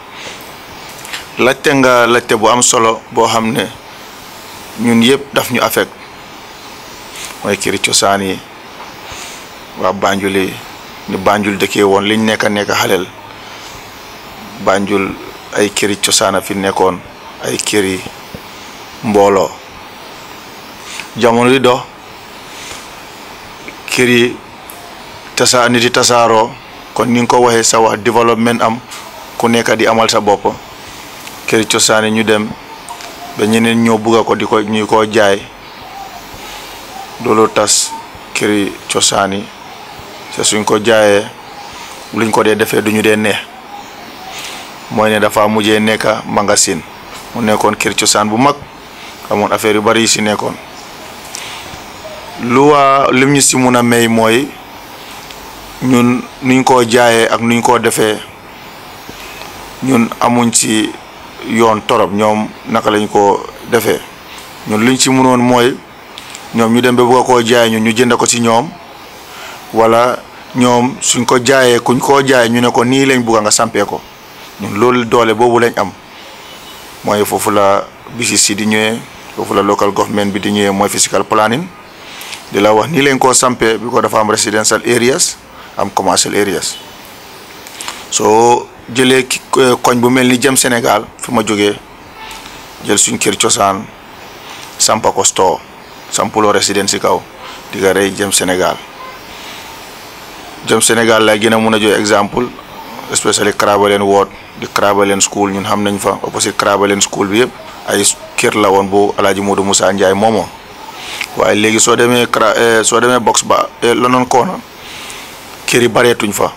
laajte nga laajte bu am solo boo xam ne ñun yëpp daf ñu affect mooy kiri cosaan yi waa Banjul yi ni Banjul woon liñ nekk a nekk xaleel Banjul ay këri cosaana fi nekkoon ay këri mbooloo jamono di dox këri tasaa nit yi tasaaroo kon ni nga ko waxe sa wax développement am ku nekk di amal sa bopp kër cosaan yi ñu dem ba ñu ñeneen ñoo bugg ko di ko ñu ko jaay loolu tas këri cosaan yi suñ ko jaayee luñ ko dee defee duñu dee neex mooy ne dafa mujjee nekka magasin mu nekkoon kër cosaan bu mag amoon affaire yu bari yi si nekkoon lu waa lim si mun a may mooy ñun nuñ ko jaayee ak nuñ ko defee ñun amuñ si yon torop nyom naka lañ ko defe ñun liñ ci mënoon mooy ñoom ñu dem ba bëgg koo jaay ñu ko ci nyom wala nyom suñ ko jaayee kuñ ko jaay ñu ne ko ni lañ bugga nga sampee ko ñun loolu doole lañ am mooy fo la business si di nyue foofu la local government bi di nyue moy physical planning di la wax nii lañ koo bi ko dafa am residential areas am commercial areas so jëlee eh, koñ bu mel ni jëm Sénégal fi ma jógee jël suñ kër cosaan sampa ko store sampulo résidence si kaw di rey jëm Sénégal jëm Sénégal lay gën a mun a jox exemple especially Crabaleen Ward di Crabaleen school ñun xam nañ fa opposite Crabaleen school bi yëpp ay kër la woon bu Alaaji Modou Moussa Ndiaye moomo waaye léegi soo demee cra eh, soo demee box ba eh, London Corner kër yi bareetuñ fa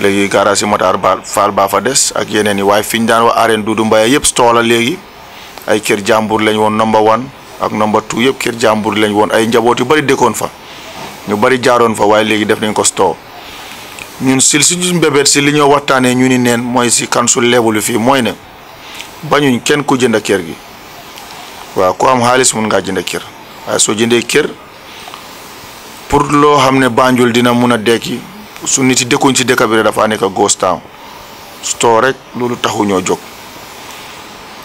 léegi garage si Matar Ba Fall baa fa des ak yeneen yi waaye fi daan wax arène Doudou Mbaye yëpp stoo la léegi ay kër jàmbur lañu woon number one ak number two yëpp kër jàmbur lañ woon ay njaboot yu bari dëkkoon fa ñu bari jaaroon fa waaye léegi def nañ ko stoo ñun si suñu mbébét si li ñoo waxtaanee ñu ni neen mooy si council level fii mooy ne bañuñ kenn ku jënd kër gi waaw ko am xaalis mun ngaa jënd kër waaye soo jëndee kër pour loo xam ne Banjul dina mun a dekki. su nit yi dëkkuñ ci dëkk bi rek dafa nekk ghost town store rek loolu taxu ñoo jóg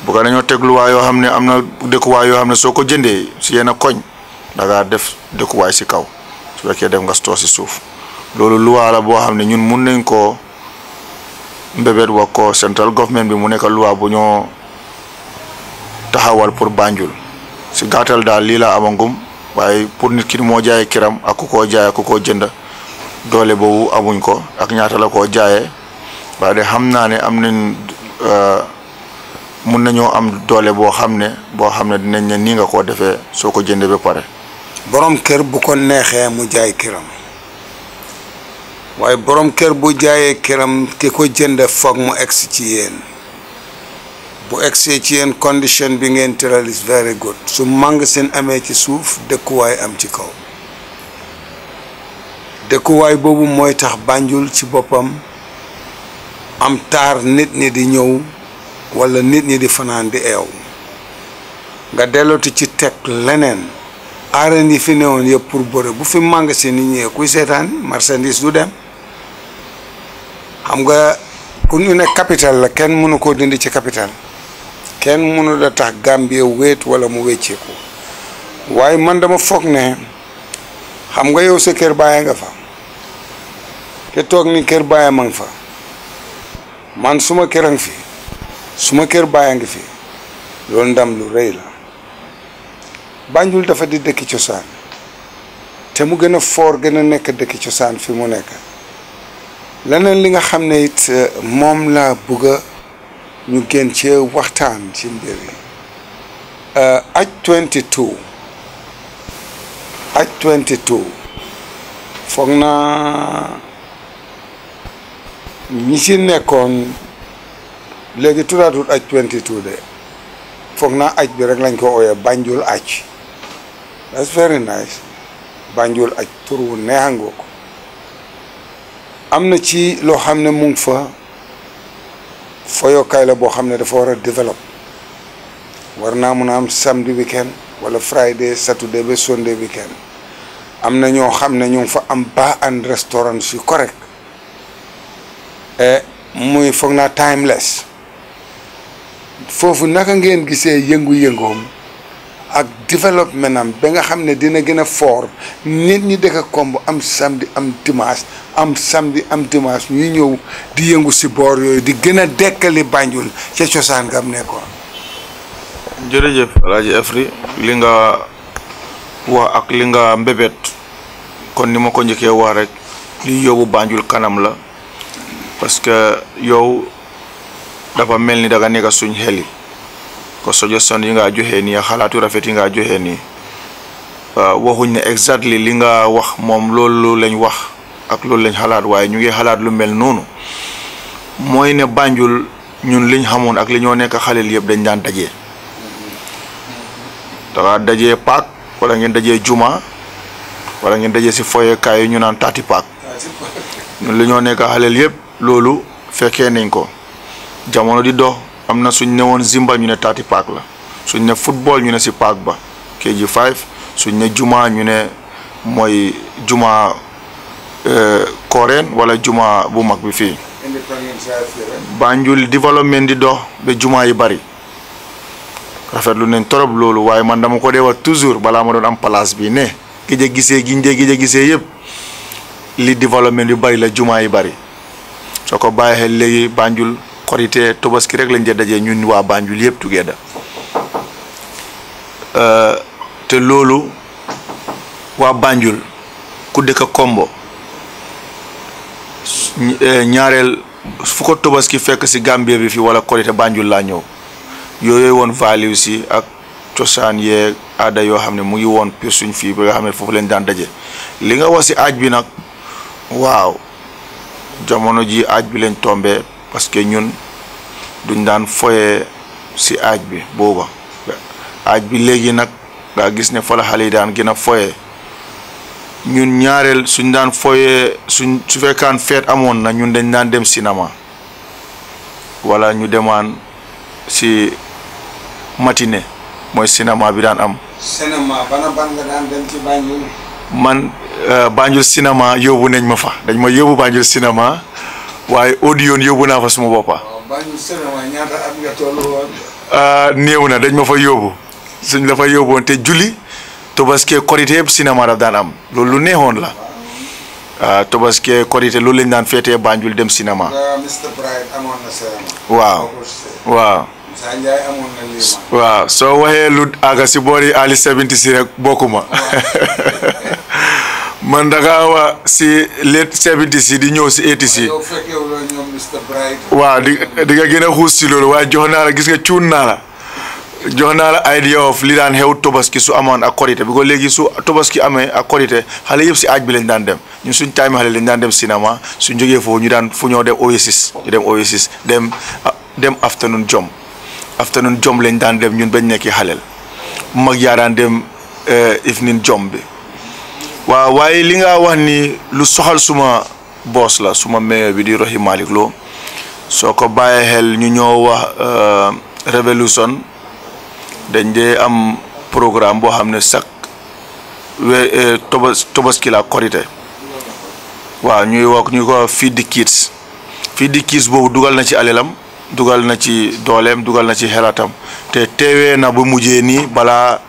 bu nañoo dañoo teg luwaa yoo xam ne am na dëkkuwaay yoo xam ne soo ko jëndee si yenn koñ da def dëkkuwaay si kaw su fekkee def nga store si suuf loolu luwaa la boo xam ne ñun mun nañ koo mbébét wax ko central government bi mu nekk luwaa bu ñoo taxawal pour Banjul si gàttal daal lii laa la amangum waaye pour nit ki moo jaay kiram ak ku koo jaay ak ku koo jënd doole boobu amuñ ko ak ñaata la ko jaaye waaye de xam naa ne am nañ euh, mun nañoo am doole boo xam ne boo xam ne dinañ ne nii nga ko defee soo ko jëndee ba pare. boroom kër bu ko neexee mu jaay këram waaye borom kër bu jaayee këram ki ko jënd foog mu egsi ci yéen bu egsee ci yéen condition bi ngeen tëral is very good su màng seen amee ci suuf dëkkuwaay am ci kaw. dëkkuwaay boobu mooy tax bànjul ci boppam am taar nit ñi di ñëw walla nit ñi di fanaan di eew nga dellooti ci teg leneen arène yi fi newoon yëpp pour bore bu fi magasin ni ñi kuy seetaan marsandiis du dem xam nga pour ñu ne capital la kenn mënu koo dindi ci capital kenn mënu la tax Gambie wéet walla mu wécceeku waaye man dama foog ne xam nga yow sa kër bàyyi nga fa te toog ni kër bàyyi ma fa man suma kër fi suma kër bàyyi a ngi fi loolu ndam lu rëy la Banjul dafa di dëkki cosaan te mu gën a foor gën a nekk dëkki cosaan fi mu nekk leneen li nga xam ne it euh, moom laa bugga ñu gën ci waxtaan ci mbir yi euh, aj foog naa ñi si nekkoon léegi tuddaatut aj 22 de foog naa aj bi rek lañ ko ooyee Banjul aj that's very nice Banjul aj tur wu neexangoo ko am na ci loo xam ne mun ngi fa foyokaay la boo xam ne dafa war a développe war naa mun a am samedi weekend wala friday saturday ba sunday weekend am na ñoo xam ne ñu fa am bar and restaurant si correct Eh, muy foog naa timeless foofu naka ngeen gisee yëngu-yëngoom ak développement am ba nga xam ne dina gën a fort nit ñi dëkk Kombo am samedi am dimanche am samedi am dimanche ñuy ñëw di yëngu si boor yooyu di gën a dekkali Banjul ca cosaan gam nekkoon. jërëjëf Alaaji Efri li nga wax ak li nga mbébét kon ni ma ko njëkkee wax rek li yóbbu Banjul kanam la. parce que yow dafa mel ni daga nekk suñ xel yi ko suggestion yi nga joxe nii xalaatu rafet yi nga joxe nii waxuñ ne exactly li nga wax moom loolu lañ wax ak loolu lañ xalaat waaye ñu ngi xalaat lu mel noonu mooy ne Banjul ñun liñ xamoon ak li ñoo nekk xaleel yëpp dañ daan daje daga dajee paak wala ngeen daje juma wala ngeen daje si foyekaay yi ñu naan taati paak ñun li ñoo nekk xalel yëpp loolu fekkee nañ ko jamono di dox am na suñ ne woon zimba ñu ne taati paak la suñ ne football ñu ne si paak ba KG5 suñ ne jumaa ñu ne mooy juma euh, koreen wala juma bu mag bi fii Banjul développement di dox ba jumaa yi bari rafetlu nañ torop loolu waaye man dama ko dee wax toujours balaa ma doon am place bi ne gija gisee giñ dee gija gisee yëpp li développement yu bari la juma yi bari soo ko bàyyi xel léegi bànjul korité tobaski rek lañ dee dajee ñun waa Banjul yëpp tugee da euh, te loolu waa bànjul ku dëkk Kombo euh, ñaareel fu ko tobaski fekk si Gambie bi fii wala korité Banjul laa ñëw yooyu woon values si ak cosaan yeeg aada yoo xam ne mu ngi woon pir suñ fii bi nga xam foofu leen daan daje li nga wax si aaj bi nag waaw jamono ji aaj bi leen tombé parce que ñun duñ daan foye si aaj bi booba aj bi léegi nag daa gis ne fa xale yi daan gën a foye ñun ñaareel suñ daan foye suñ su fekkaan feet amoon na ñun dañ daan dem cinéma wala ñu demaan si matinée mooy cinéma bi daan am. man Euh, Banjul cinéma yóbbu nañ ma fa dañ ma yóbbu Banjul cinéma waaye Odeon yóbbu naa fa suma boppa Banjul euh, néew na dañ ma fa yóbbu suñ la fa yóbbu te julli tobaske korité yëpp cinéma daf daan am loolu lu neexoon la waaw euh, tobaske korité loolu lañ daan féetee Banjul dem cinéma. waaw waaw. soo waxee lu àgga si boori Ali 76 rek bokkuma. [laughs] man da ngaa waa si late seventies yi di ñëw si eighties yi di di nga gën a xuus si loolu waaye jox naa la gis nga cuun naa la jox naa la idea of li daan xew tobaski su amoon ak korité bi ko léegi su tobaski amee ak korité xale yëpp si aaj bi leen daan dem ñu suñ time xale lañ daan dem cinéma su jógee foofu ñu daan fu ñoo dem Oasis ñu dem Oasis dem ah, dem afternoon jom afternoon jom lañ daan dem ñun bañ nekki xaleel mag yaa daan dem eh, evening jom bi waaw waaye li nga wax ni lu soxal suma boos la suma meeyo bi di Rohey Malick loo soo ko bàyyee xel ñu ñoo wax euh, Revolution dañ dee am programme boo xam ne chaque we euh, tobas tobaski la korite waaw ñuy wax ñu ko Feed the Kids Feed the Kids boobu dugal na ci alelam dugal na ci dooleem dugal na ci xelaatam te teewee na bu mujjee nii balaa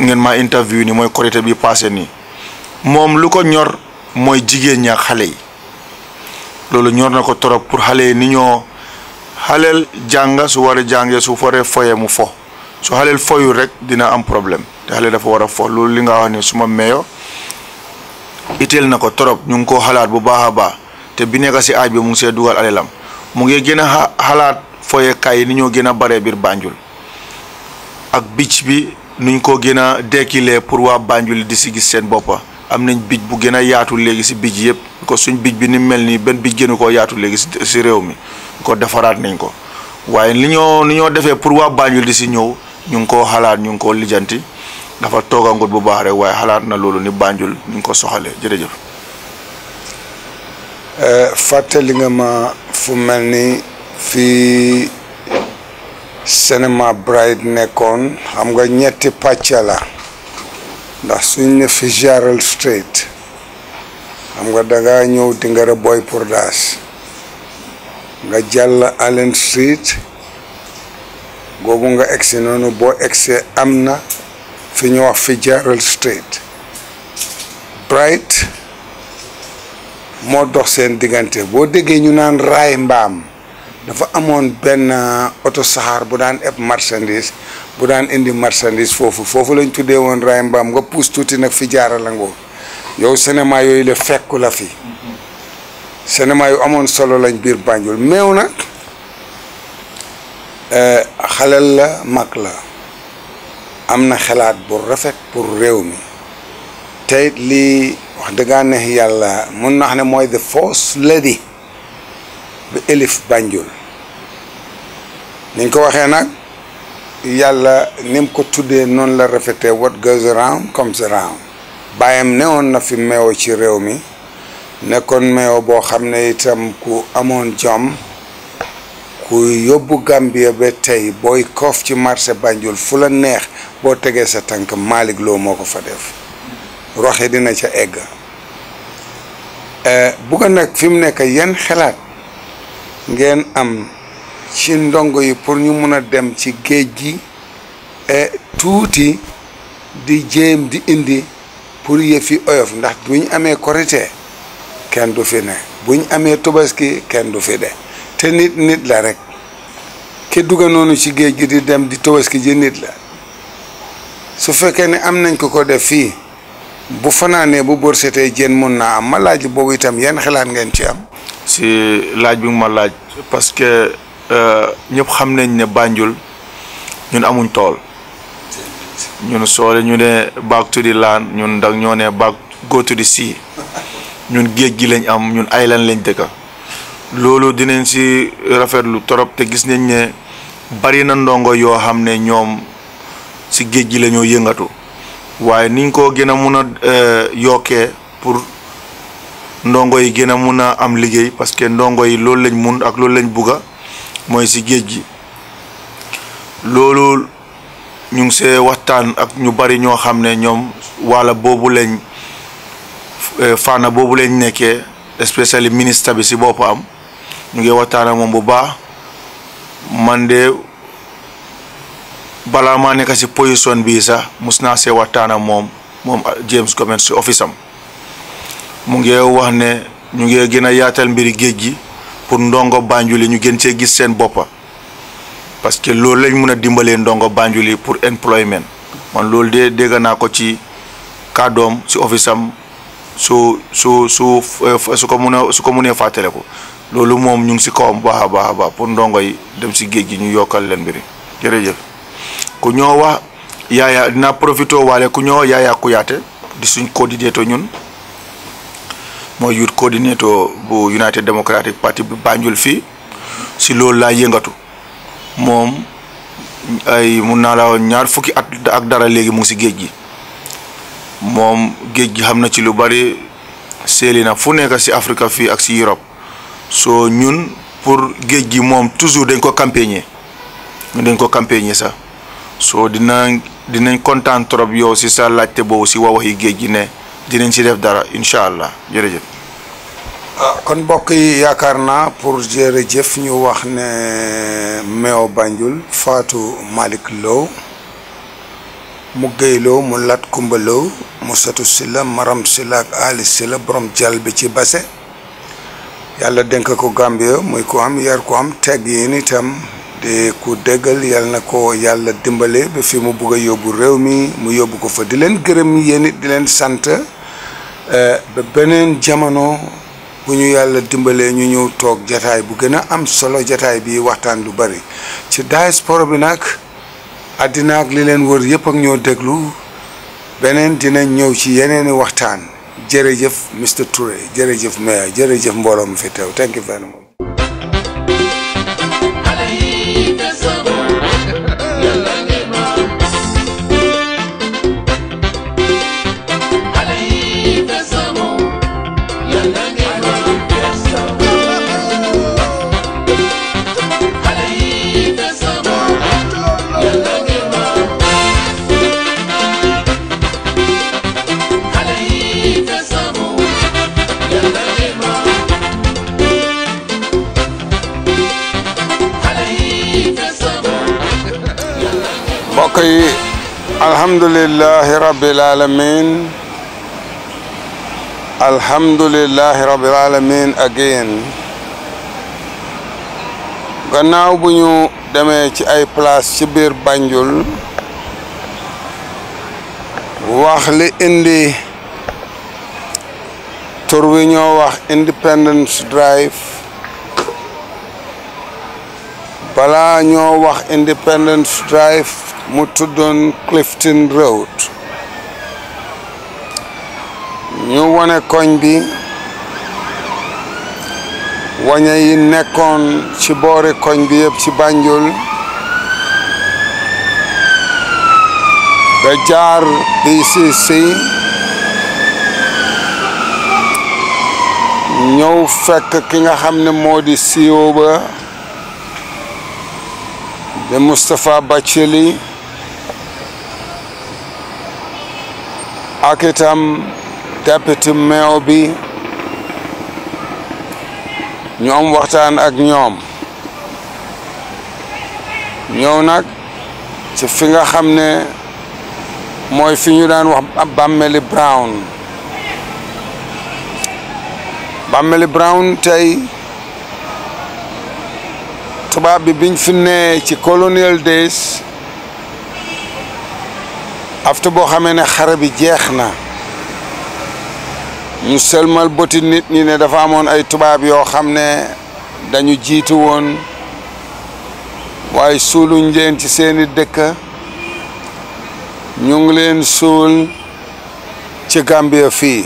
ngeen ma interview ni moy korité bi passé ni mom lu ko ñor moy jigéen ñak xalé yi lolu ñor nako torop pour xalé ni ño xaleel jang su wara a su foré foye mu fo su xaleel foyu rek dina am problème té xale dafa wara fo lolu li nga wax ni suma meyo itel nako ko torop ñu ko bu bahaba ba té te bi nekk si aaj bi mu ngi sé dugal alélam mu ngi gëna xalaat foye kai ni ño gëna baré bare bir banjul ak bitch bi nuñ ko gën a dekkilee pour waa Banjul di si gis seen boppa am nañ bij bu gën a yaatu léegi si bij yëpp ko suñ bij bi ni mel nii benn bij gënu koo yaatu léegi si si réew mi ko defaraat nañ ko waaye li ñoo li ñoo defee pour waa Banjul di si ñëw ñu ngi koo xalaat ñu ngi koo lijjanti dafa toogangut bu baax rek waaye xalaat na loolu ni Banjul ñu ngi ko soxalee jërëjëf. Eh, fàttali nga ma fu mel ni fii. Cinema Bride nekkoon xam nga ñetti pàcc la ndax suñ ne fi Gerald Street xam nga danga ñëw Dingara Boy Pordas nga jàll Allen Street boobu nga egsi noonu boo egsee am na fi ñu wax fi Gerald Street Bride moo dox seen diggante boo déggee ñu naan raay mbaam dafa amoon benn euh, oto saxaar bu daan eb marchandise bu daan indi marchandise foofu foofu lañ tuddee woon raay mbaam nga puus tuuti nag fi jaara la yow cinéma yooyu la fekku la fi cinéma yu amoon solo lañ biir Banjul meew nag euh, xalel la mag la am na xalaat bu rafet pour réew mi tey li wax dëggaa neex yàlla mun na ne mooy the first lady bi Elif Banjul niñ ko waxee nag yàlla nim ko tuddee noonu la rafetee what goes around comes around bàyyam newoon na fi meew ci réew mi kon meew boo xam ne itam ku amoon jom ku yóbbu Gambia ba tey booy koof ci marché bànjul fu la neex boo tegee sa tànk Malick Lo moo ko fa def roxe dina ca egg eh, bugg nag fi mu nekk yenn xalaat ngeen am ci ndongo yi pour ñu mun a dem ci géej gi et tuuti di jéem di indi pour yëf yi oyof ndax bu amee korite kenn du fi ne bu amee tobaski kenn du fi de te nit nit la rek ki dugga noonu ci géej gi di dem di tobaski ji nit la su fekkee ne am nañ ko ko def fii bu fanaanee bu setee jën mun naa am ma laaj boobu itam yenn xalaat ngeen ci am. si laaj bi ma laaj parce Euh, ñëpp xam nañ ne Banjul ñun amuñ tool ñun soole ñu ne back to the land ñun dag ñoo ne back go to the sea ñun géej gi lañ am ñun island lañ dëkka loolu dinañ si rafetlu torop te gis nañ ne bari na ndongo yoo xam ne ñoom si géej gi lañoo ñoo yëngatu waaye niñ ko gën a mun a euh, yokkee pour ndongo yi gën a mun a am liggéey parce que ndongo yi loolu lañ mun ak loolu lañ bugga mooy si géej gi loolu ñu ngi see waxtaan ak ñu bari ñoo xam ne ñoom walla boobu lañ eh, fànna boobu lañ nekkee especially ministre bi si am ñu ngi waxtaan ak moom bu baax man de balaa maa nekk si position bi sax mus naa see waxtaan ak moom moom James Gomez si office am mu ngi wax ne ñu ngi gën a yaatal mbiri géej gi. pour ndongo Banjul yi ñu gën cee gis seen boppa parce que loolu lañ mun a dimbalee ndongo Banjul pour employment man loolu de dégg naa ko ci kàddoom si office am su su su eh, su ko mun a su ko munee fàttale ko loolu moom ñu ngi si kawam baax a baax pour ndongo yi dem si géej gi ñu yokkal leen mbiri jërëjëf ku ñoo wax yaaya dinaa profité waale ku ñoo yaaya kuyaate di suñ coordinateur ñun mooy youth coordinator bu United Democratic Party bu Banjul silo ci loolu la yëngatu mom ay mun na la ñaar fukki at ak dara legi mu ci si gi moom gi ci lu bari selina fu si africa fi ak ci Europe so ñun pour Geji mom moom toujours dañ ko campagner ñu dañ ko campagner sa so dina dinañ content trop yow si sa te bo si wawahi yi ne dinañ ci def dara incha allah jërëjëf. ah kon mbokk yi yaakaar naa pour jërëjëf ñu wax ne meew Banjul Fatou Malick Lo mu Guèye Lo mu Lat Kumba Lo mu si la Maram si la ak si la borom jàll bi ci base yàlla denk ko Gambia muy ko am yar ko am teg yi ni di ku déggal yàlla na ko yàlla dimbale ba fi mu bugg a yóbbu réew mi mu yóbbu ko fa di leen gërëm yéen di leen sant. ba beneen jamono bu ñu yàlla dimbalee ñu ñëw toog jataay bu gën a am solo jataay bi waxtaan lu bari ci diaspora bi nag àddina ak li leen wër yëpp ak ñoo déglu beneen dinañ ñëw ci yeneeni waxtaan jërëjëf Mr Touré jërëjëf maire jërëjëf mbooloo mu fi teew thank you very much mbokk yi alhamdulilahi rabbil alamin alhamdulilahi rabbil alamin again gannaaw bu ñu demee ci ay place ci biir Banjul wax li indi tur ñoo wax Independence Drive balaa ñoo wax Independence Drive mu tuddoon Clifton Road ñu wane koñ bi wañe yi nekkoon ci boori koñ bi yëpp ci Banjul ba jaar DCC ñëw fekk ki nga xam ne moo di CEO ba de Moustapha Bathily ak itam député meew bi ñu am waxtaan ak ñoom ñëw nag ci fi nga xam ne mooy fi ñu daan wax bàmmeli Brown bàmmeli Brown tey tubaab bi biñ fi nee ci colonial days aftu boo xamee ne xare bi jeex na ñu sëlmal boti nit ñi ne dafa amoon ay tubaab yoo xam ne dañu jiitu woon waaye suuluñ leen ci seeni dëkk ñu ngi leen suul ci Gambia fii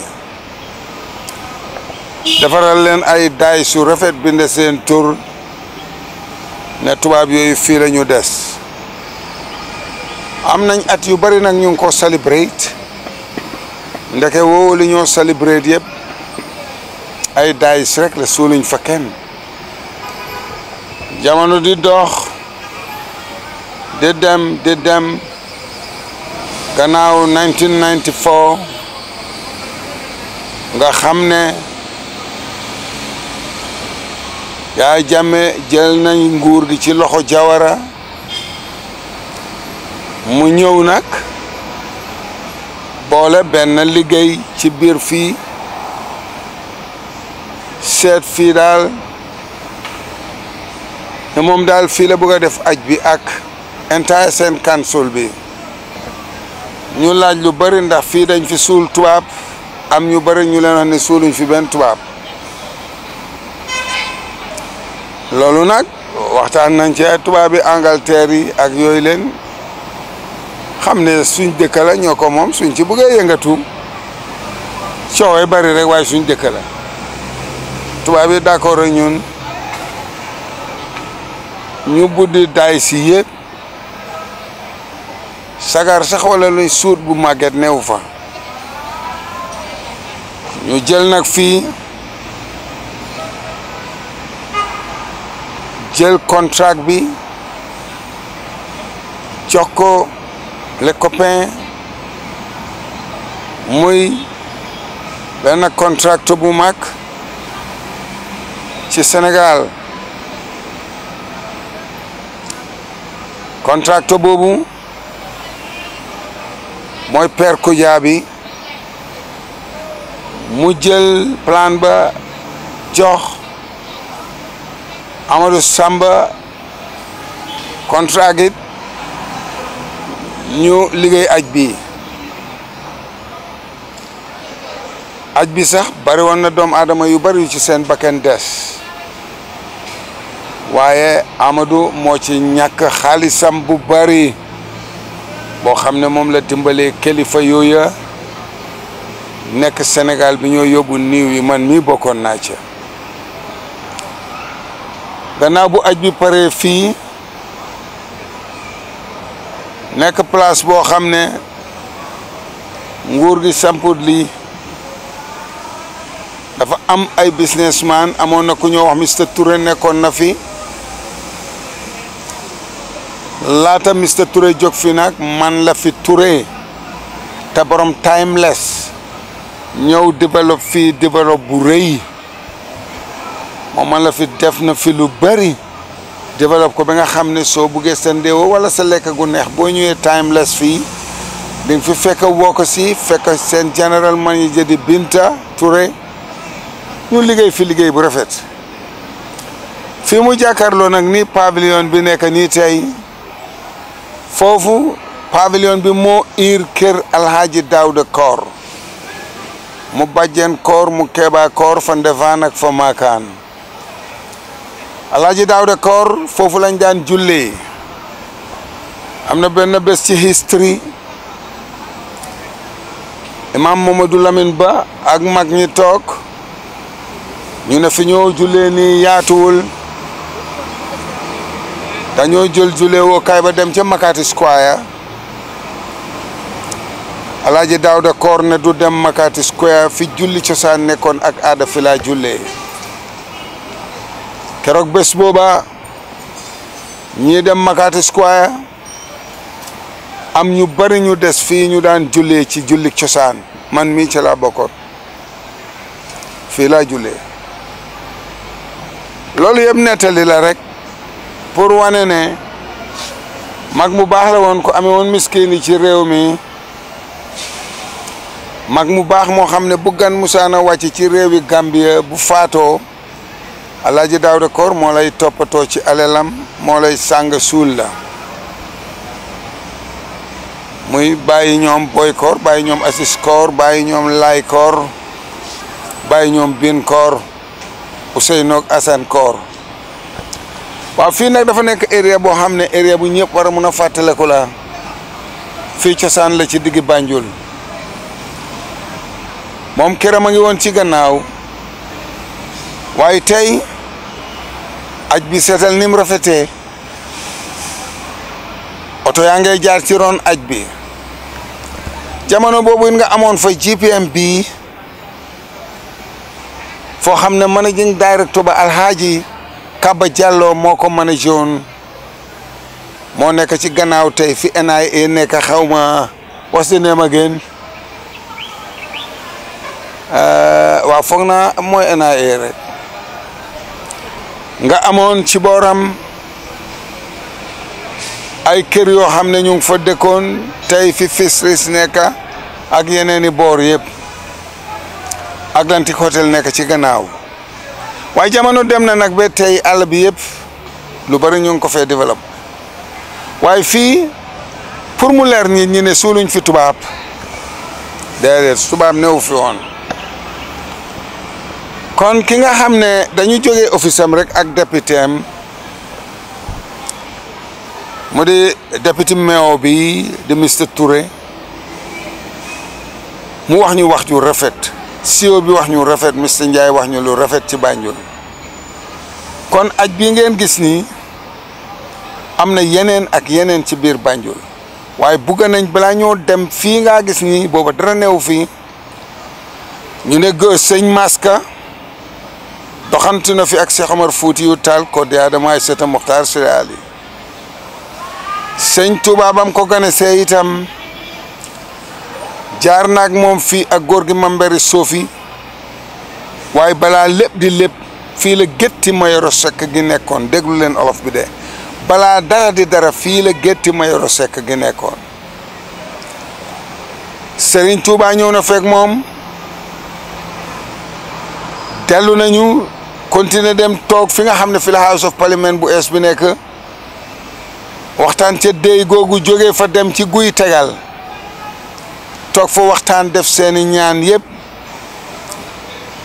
defaral leen ay daay su rafet binde seen tur ne tubaab yooyu fii lañu des am nañ at yu bari nag ñu ko celebrate ndeke woo li ñoo celebrate yëpp ay daayis rek la suuluñ fa kenn jamono di dox di dem di dem gannaaw nga xam ne yaa jàmme jël nañ nguur gi ci loxo jawara mu ñëw nag boole benn liggéey ci biir fii seet fii daal te moom daal fii la bugga def aj bi ak entire seen council bi ñu laaj lu bari ndax fii dañ fi suul tubaab am ñu bari ñu leen wax ne suuluñ fi benn tubaab loolu nag waxtaan nañ ci tubaab yi Angleterre yi ak yooyu leen xam ne suñ dëkk la ñoo ko moom suñ ci bëggee yëngatu coowee bari rek waaye suñ dëkk la tubaab yi d'accord ak ñun ñu buddi daay si yëpp sagar sax wala luñ suut bu màgget newu fa ñu jël nag fi jël contrat bi jox les copains muy benn contract bu mag ci Sénégal contract boobu mooy Père Koudia bi mu jël plan ba jox Amadou Samba contrat ñu liggéey aj bi aj bi sax bari na doom aadama yu bari ci seen bakken des waaye Amadou moo ci ñàkk xaalisam bu bari boo xam ne moom la dimbalee kilifa yooya nekk Sénégal bi ñoo yóbbu niiw yi man mii bokkoon naa ca gannaaw bu aj bi paree fii nekk place boo xam ne nguur gi samput lii dafa am ay businessman amoon na ku ñoo wax Mr Touré nekkoon na fi laata Mr Touré jóg fi nag man la fi Touré te borom timeless ñëw développe fii développe bu rëy moom man la fi def na fi lu bari développe ko ba nga xam ne soo buggee sa ndéwo wala sa lekk gu neex boo ñëwee timeless fii di fi fekk wokk si fekk seen general manager di Binta Touré ñu liggéey fi liggéey bu rafet fi mu jàkkaarloo nag ni pavillon bi nekk nii tey foofu pavillon bi moo iir kër Alhaji Daouda Koor mu bàjjen Koor mu Keba Koor fa Ndefaan ak fa Maakaan alaaji Daawda Koor foofu lañ daan jullee am na benn bés ci history imam Mamadou Lamine Ba ak mag ñi toog ñu ne fi ñoo jullee nii yaatuwul dañoo jël jullee woo kaay ba dem ca Makati Square alaaji Daawda Koor ne du dem Makati Square fi julli cosaan nekkoon ak aada fi jullee keroog bés booba ñii dem Makati Square am ñu bari ñu des fii ñu daan jullee ci jullik cosaan man mii ci laa bokkoon fii laa jullee loolu yëpp nettali la rek pour wane ne mag mu baax la woon ko amee woon miskin ci réew mi mag mu baax moo xam ne bu gan musaana wàcc ci réew réewi Gambia bu faatoo alaaji Daawda Koor moo lay toppatoo ci alelam moo lay sàng suul la muy bàyyi ñoom boy koor bàyyi ñoom asis koor bàyyi ñoom laay koor bàyyi ñoom bin koor Ousseynoog Assane koor waaw fii nag dafa nekk area boo xam ne area bu ñëpp war a mun a fàttaliku la fii cosaan la ci digg Banjul moom këram ma ngi woon ci gannaaw waaye tey aj bi seetal ni mu rafetee oto yaa ngay jaar ci roon aj bi jamono boobu nga amoon fa GPM bii foo xam ne managing director ba Alhaji Kaba Diallo moo ko managé woon moo nekk ci gannaaw tey fi NIA nekk xaw ma what's the name again euh, waaw foog naa mooy NIA nga amoon ci booram ay kër yoo xam ne ñu ngi fa dëkkoon tey fi Fisheries nekk ak yeneeni boor yëpp Atlantic Hotel nekk ci gannaaw waaye jamono dem na nag ba tey àll bi yëpp lu bari ñu ngi ko fee développé waaye fii pour mu leer nit ñi ne suuluñ fi tubaab déedéet tubaab newu fi woon kon ki nga xam ne dañu jógee office am rek ak député am mu di député maire bi di Mr Touré mu wax ñu wax ju rafet CEO bi wax ñu rafet Mr Ndiaye wax ñu lu rafet ci Banjul kon aj bi ngeen gis nii am na yeneen ak yeneen ci biir Banjul waaye bugg nañ balaa ñoo dem fii ngaa gis nii booba dara neew fii ñu ne sëñ Maska doxantu na fi ak Cheikh Omar Foutiyou Tall ko di Adama ay seta Mokhtar Siré Ali sëñ Touba bam ko gane see itam jaar naag moom fii ak góor gi Mambéry Sofi waaye balaa di lépp fii la gétti Mayoro Seck gi nekkoon déglu leen olof bi de balaa dara di dara fii la gétti Mayoro Seck gi nekkoon Serigne Touba ñëw na fekk moom dellu nañu continuer dem toog fi nga xam ne fi la House of Parliament bu ees nekk waxtaan ca déy googu jógee fa dem ci guy tegal toog fa waxtaan def seeni ñaan yëpp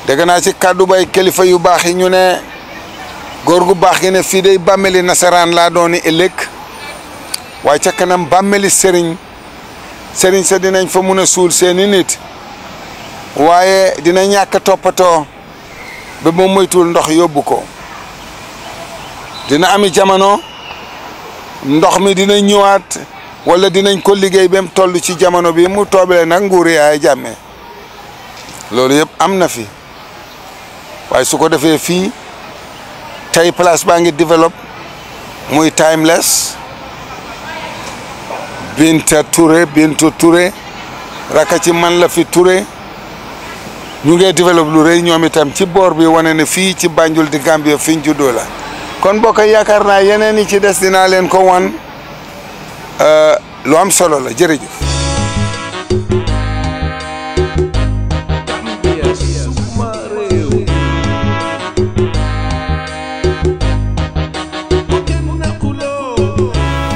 dégg naa ci kàddu bay kilifa yu baax yi ñu ne góor gu baax gi ne fii day bàmmeli nasaraan la dooni ëllëg waaye ca kanam bàmmeli sëriñ sëriñ sa dinañ fa mun a suul seeni nit waaye dina ñàkk toppatoo ba moom moytuwul ndox yóbbu ko dina ami jamono ndox mi dina ñëwaat wala dinañ ko liggéey ba mu toll ci jamono bi mu toobalee nag nguur yaay jàmme loolu yëpp am na fi waaye su ko defee fii tey place baa ngi développe muy timeless Binta Touré Binta Touré raka ci man la fi Touré ñu ngi développé lu rëy ñoom itam ci boor bi wane na fii ci Banjul di Gambia fi ñu juddoo la kon mbokk yaakaar naa yeneen yi ci des dinaa leen ko wan uh, lu am solo la jërëjëf.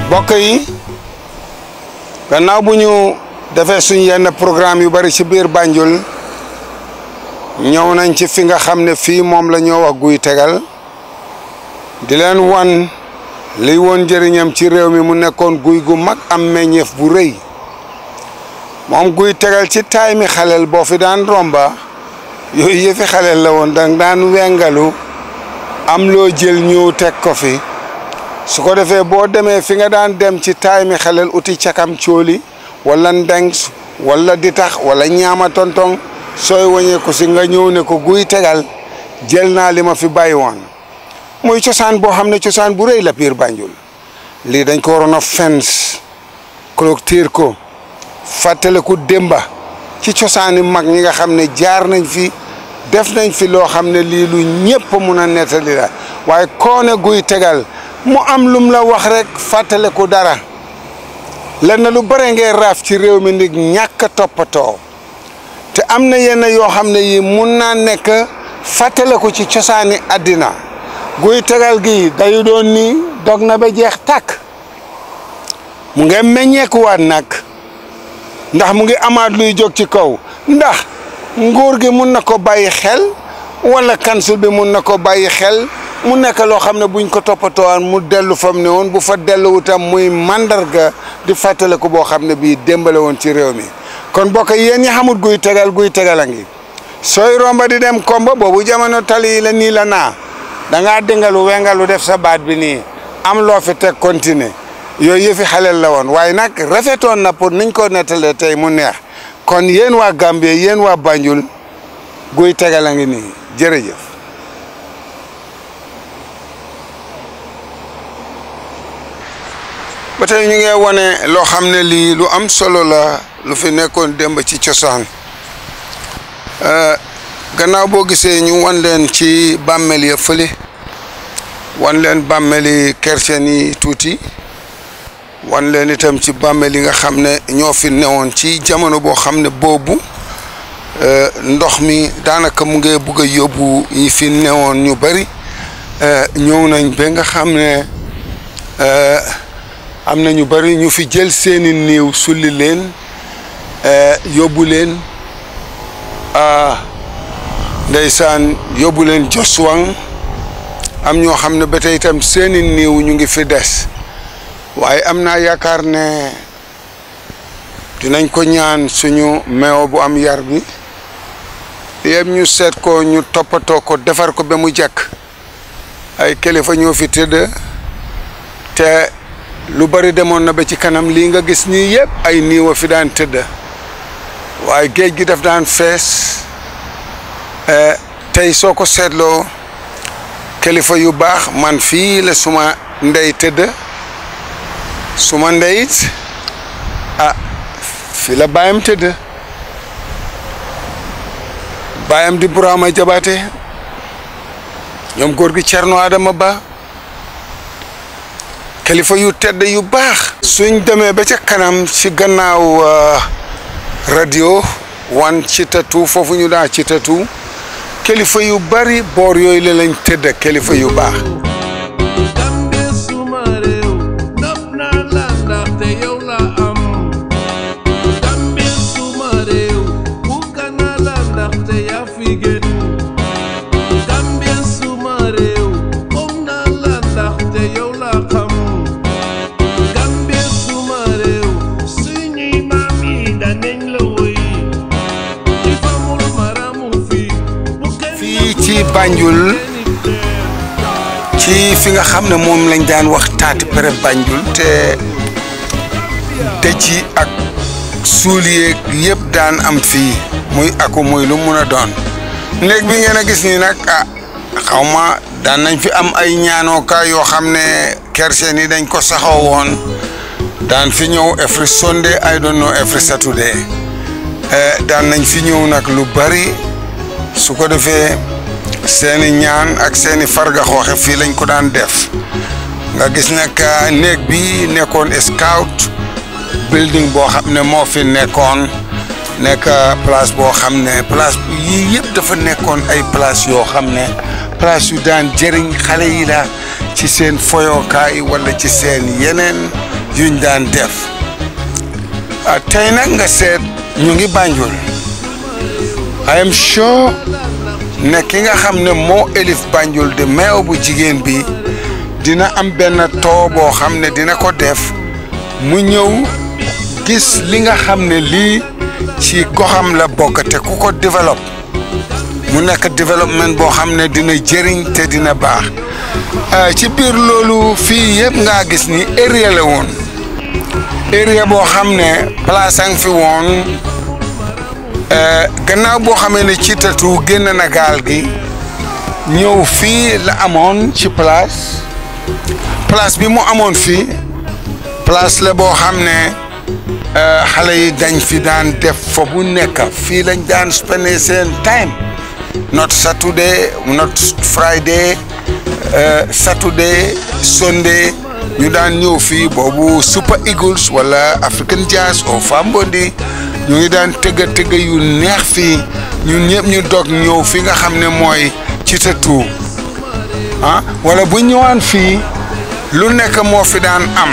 mbokk yi gannaaw bu ñu defee suñ yenn programme yu bari ci biir Banjul. ñëw nañ ci fi nga xam ne fii moom la ñoo wax guy tegal di leen wan liy woon njëriñam ci réew mi mu nekkoon guy gu mag am meññeef bu rëy moom guy tegal ci taay mi xaleel boo fi daan romba yooyu yëfi xaleel la woon dang wengalu am loo jël ñëw teg ko fi su ko defee boo demee fi nga daan dem ci taay mi xaleel uti cakam cooli walla ndengs wala ditax wala ñaama tonton sooy wañeeku si nga ñëw ne ko guy tegal jël naa li ma fi bàyyi woon muy cosaan boo xam ne cosaan bu rëy la piir Banjul lii dañ ko waroon a fens clôture ko fàttaliku démba ci cosaani mag ñi nga xam ne jaar nañ fi def nañ fi loo xam ne lii lu ñëpp mun a nettali la waaye koone guy tegal mu am lum la wax rek fàttaliku dara lenn lu bare ngay raaf ci réew mi ndig ñàkk toppatoo am na yenn yoo xam ne yi mun naa nekk fàttale ko ci cosaani àddina guy tegal gi dayu doon nii dog na ba jeex takk mu ngi meññeekuwaat nag ndax mu ngi amaat luy jóg ci kaw ndax nguur gi mun na ko bàyyi xel wala kansul bi mun na ko bàyyi xel mu nekk loo xam ne buñ ko toppatoowoon mu dellu fam mu woon bu fa delluwutam muy màndarga di fàttale ko boo xam ne bii démbale woon ci réew mi kon bokk yéen ñi xamut guy tegal guy tegal a ngi sooy romba di dem komba boobu jamono tali yi la nii la naa da ngaa dingalu wengalu def sa baat bi nii am loo fi teg continuer yooyu yëfi xaleel la woon waaye nag rafetoon na pour niñ ko nettalee tey mu neex kon yéen waa Gambie yéen waa Banjul guy tegal a ngi nii jërëjëf. ba tey ñu ngi wane loo xam ne lii lu am solo la lu fi nekkoon demb ci cosaan euh, gannaaw boo gisee ñu wan leen ci bàmmeel ya fële wan leen bàmmeeli kercen yi tuuti wan leen itam ci bàmmeel yi nga xam ne ñoo fi newoon ci jamono boo xam ne boobu euh, ndox mi daanaka mu ngi bugg a yóbbu yi fi newoon ñu bari euh, ñëw nañ ba nga xam ne. am ñu bari ñu fi jël seeni niw sulli leen eh, yóbbu leen ah, ndeysaan yóbbu leen joswang am ñoo xam ne ba tey itam seeni néew ñu ngi fi des waaye am naa ne dinañ ko ñaan suñu meew bu am yar bi yëpp ñu seet ko ñu toppatoo ko defar ko ba mu jekk ay kilifa ñoo fi tëdd te lu bari demoon na ba ci kanam lii nga gis nii yëpp ay niiwa fi daan tëdd waaye géej gi def daan fees eh, tey soo ko seetloo kilifa yu baax man fii la suma ndey tëdd suma ndeyit ah fi la baayam tëdd baayam di Burama Jabaate ñoom góor gi Cerno Adama Ba kalifa yu tedd yu baax suñ demee ba ca kanam ci gannaaw uh, radio wan ci tatu foofu ñu daa ci tatu kalifa yu bari boor yooyu la lañ tedd kalifa yu baax Banjul ci fi nga xam ne moom lañ daan wax taati pere Banjul te dëj yi ak suul yépp daan am fii muy ako muy lu mun a doon néeg bi ngeen a gis nii nag ah xaw daan nañ fi am ay ñaanooka yoo xam ne kerseen yi dañ ko saxo woon daan fi ñëw every Sunday I don't know every Saturday eh, daan nañ fi ñëw nag lu bari su ko defee seeni ñaan ak seeni farga xooxe fii lañ ko daan def nga gis nag néeg bi nekkoon scout building boo xam ne moo fi nekkoon nekk place boo xam ne place yii yépp dafa nekkoon ay place yoo xam ne place yu daan jëriñ xale yi la ci seen foyokaay wala ci seen yeneen yuñ daan def ah, tey nag nga seet ñu ngi Banjul I am ne ki nga xam ne moo élif Banjul di meew bu jigéen bi dina am benn too boo xam ne dina ko def mu ñëw gis li nga xam ne lii ci goxam la bokk te ku ko développe mu nekk développement boo xam ne dina jëriñ te dina baax euh, ci biir loolu fii yëpp ngaa gis ni area woon area boo xam ne place fi woon Euh, gannaaw boo xamee ne ciitatu génn na gaal gi ñëw fii la amoon ci place place bi mu amoon fi place la boo xam ne euh, xale yi dañ fi daan def fa bu nekk fii lañ daan spendé seen time not saturday not friday euh, saturday sunday ñu daan ñëw fii boobu Super Eagles wala African Jazz o Fambondi ñu ngi daan tëgga tëgga yu neex fii ñun ñëpp ñu dog ñëw fi nga xam ne mooy ci tëtu ah wala bu ñëwaan fii lu nekk moo fi daan am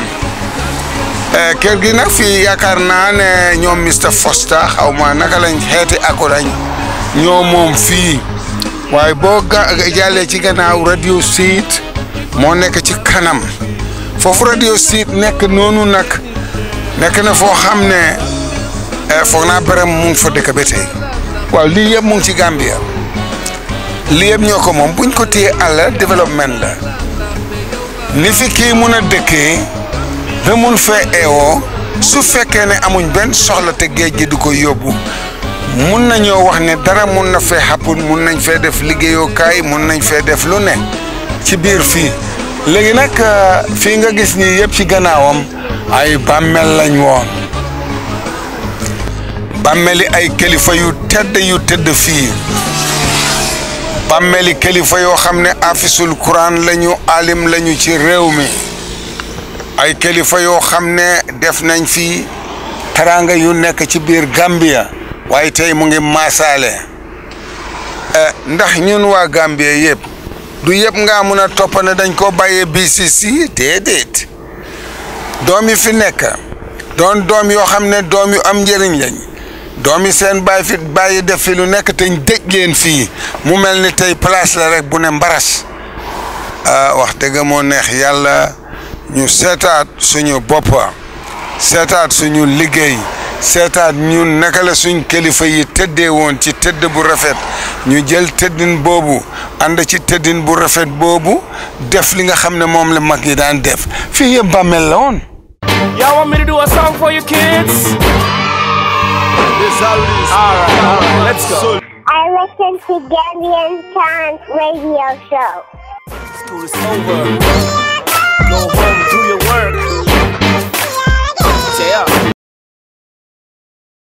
eh, kër gi nag fii yaakaar naa ne ñoom Mr Foster xaw ma naka lañ xeeti akurañ ñoo moom fii waaye boo jàllee ci gannaaw radio moo nekk ci kanam foofu radio nekk noonu nag nekk na foo xam ne Eh, foog naa Birame mu fa dëkk ba waaw lii yëpp mu ci Gambia lii yëpp ñoo ko moom buñ ko téye àll développement la ni fi kii mun a dëkkee ba mun fee eewoo su fekkee ne amuñ benn soxla te géej gi du ko yóbbu mun nañoo wax ne dara mun na fee xappun mun nañ fee def liggéeyukaay mun nañ fee def lu ne ci biir fii léegi nag eh, fii nga gis nii yëpp ci gannaawam ay bàmmeel lañ woo bàmmeeli ay kilifa yu tëdd yu tedd fii bàmmeeli kilifa yoo xam ne afisul quran lañu alim lañu ci réew mi ay kilifa yoo xam ne def nañ fii teraanga yu nekk ci biir Gambia waaye tey mu ngi maasaale eh, ndax ñun waa gàmbi yëpp du yëpp ngaa mun a topp dañ koo bàyyee BCC déedéet doom yi fi nekk doon doom yoo xam ne doom yu am njëriñ lañ doomi seen bàyyi fi bàyyi def fi lu nekk te ñu leen fii mu mel ni tey place la rek bu ne mbaras ah, wax dëgg moo neex yàlla ñu seetaat suñu boppa seetaat suñu liggéey seetaat ñu naka la suñ kilifa yi tëddee woon ci tëdd bu rafet ñu jël tëddin boobu ànd ci tëddin bu rafet boobu def li nga xam ne moom la mag yi daan def fii yëpp bàmmeel la woon. all right, all right, let's go. I listen to Gambian Times radio show. School is over. Go home.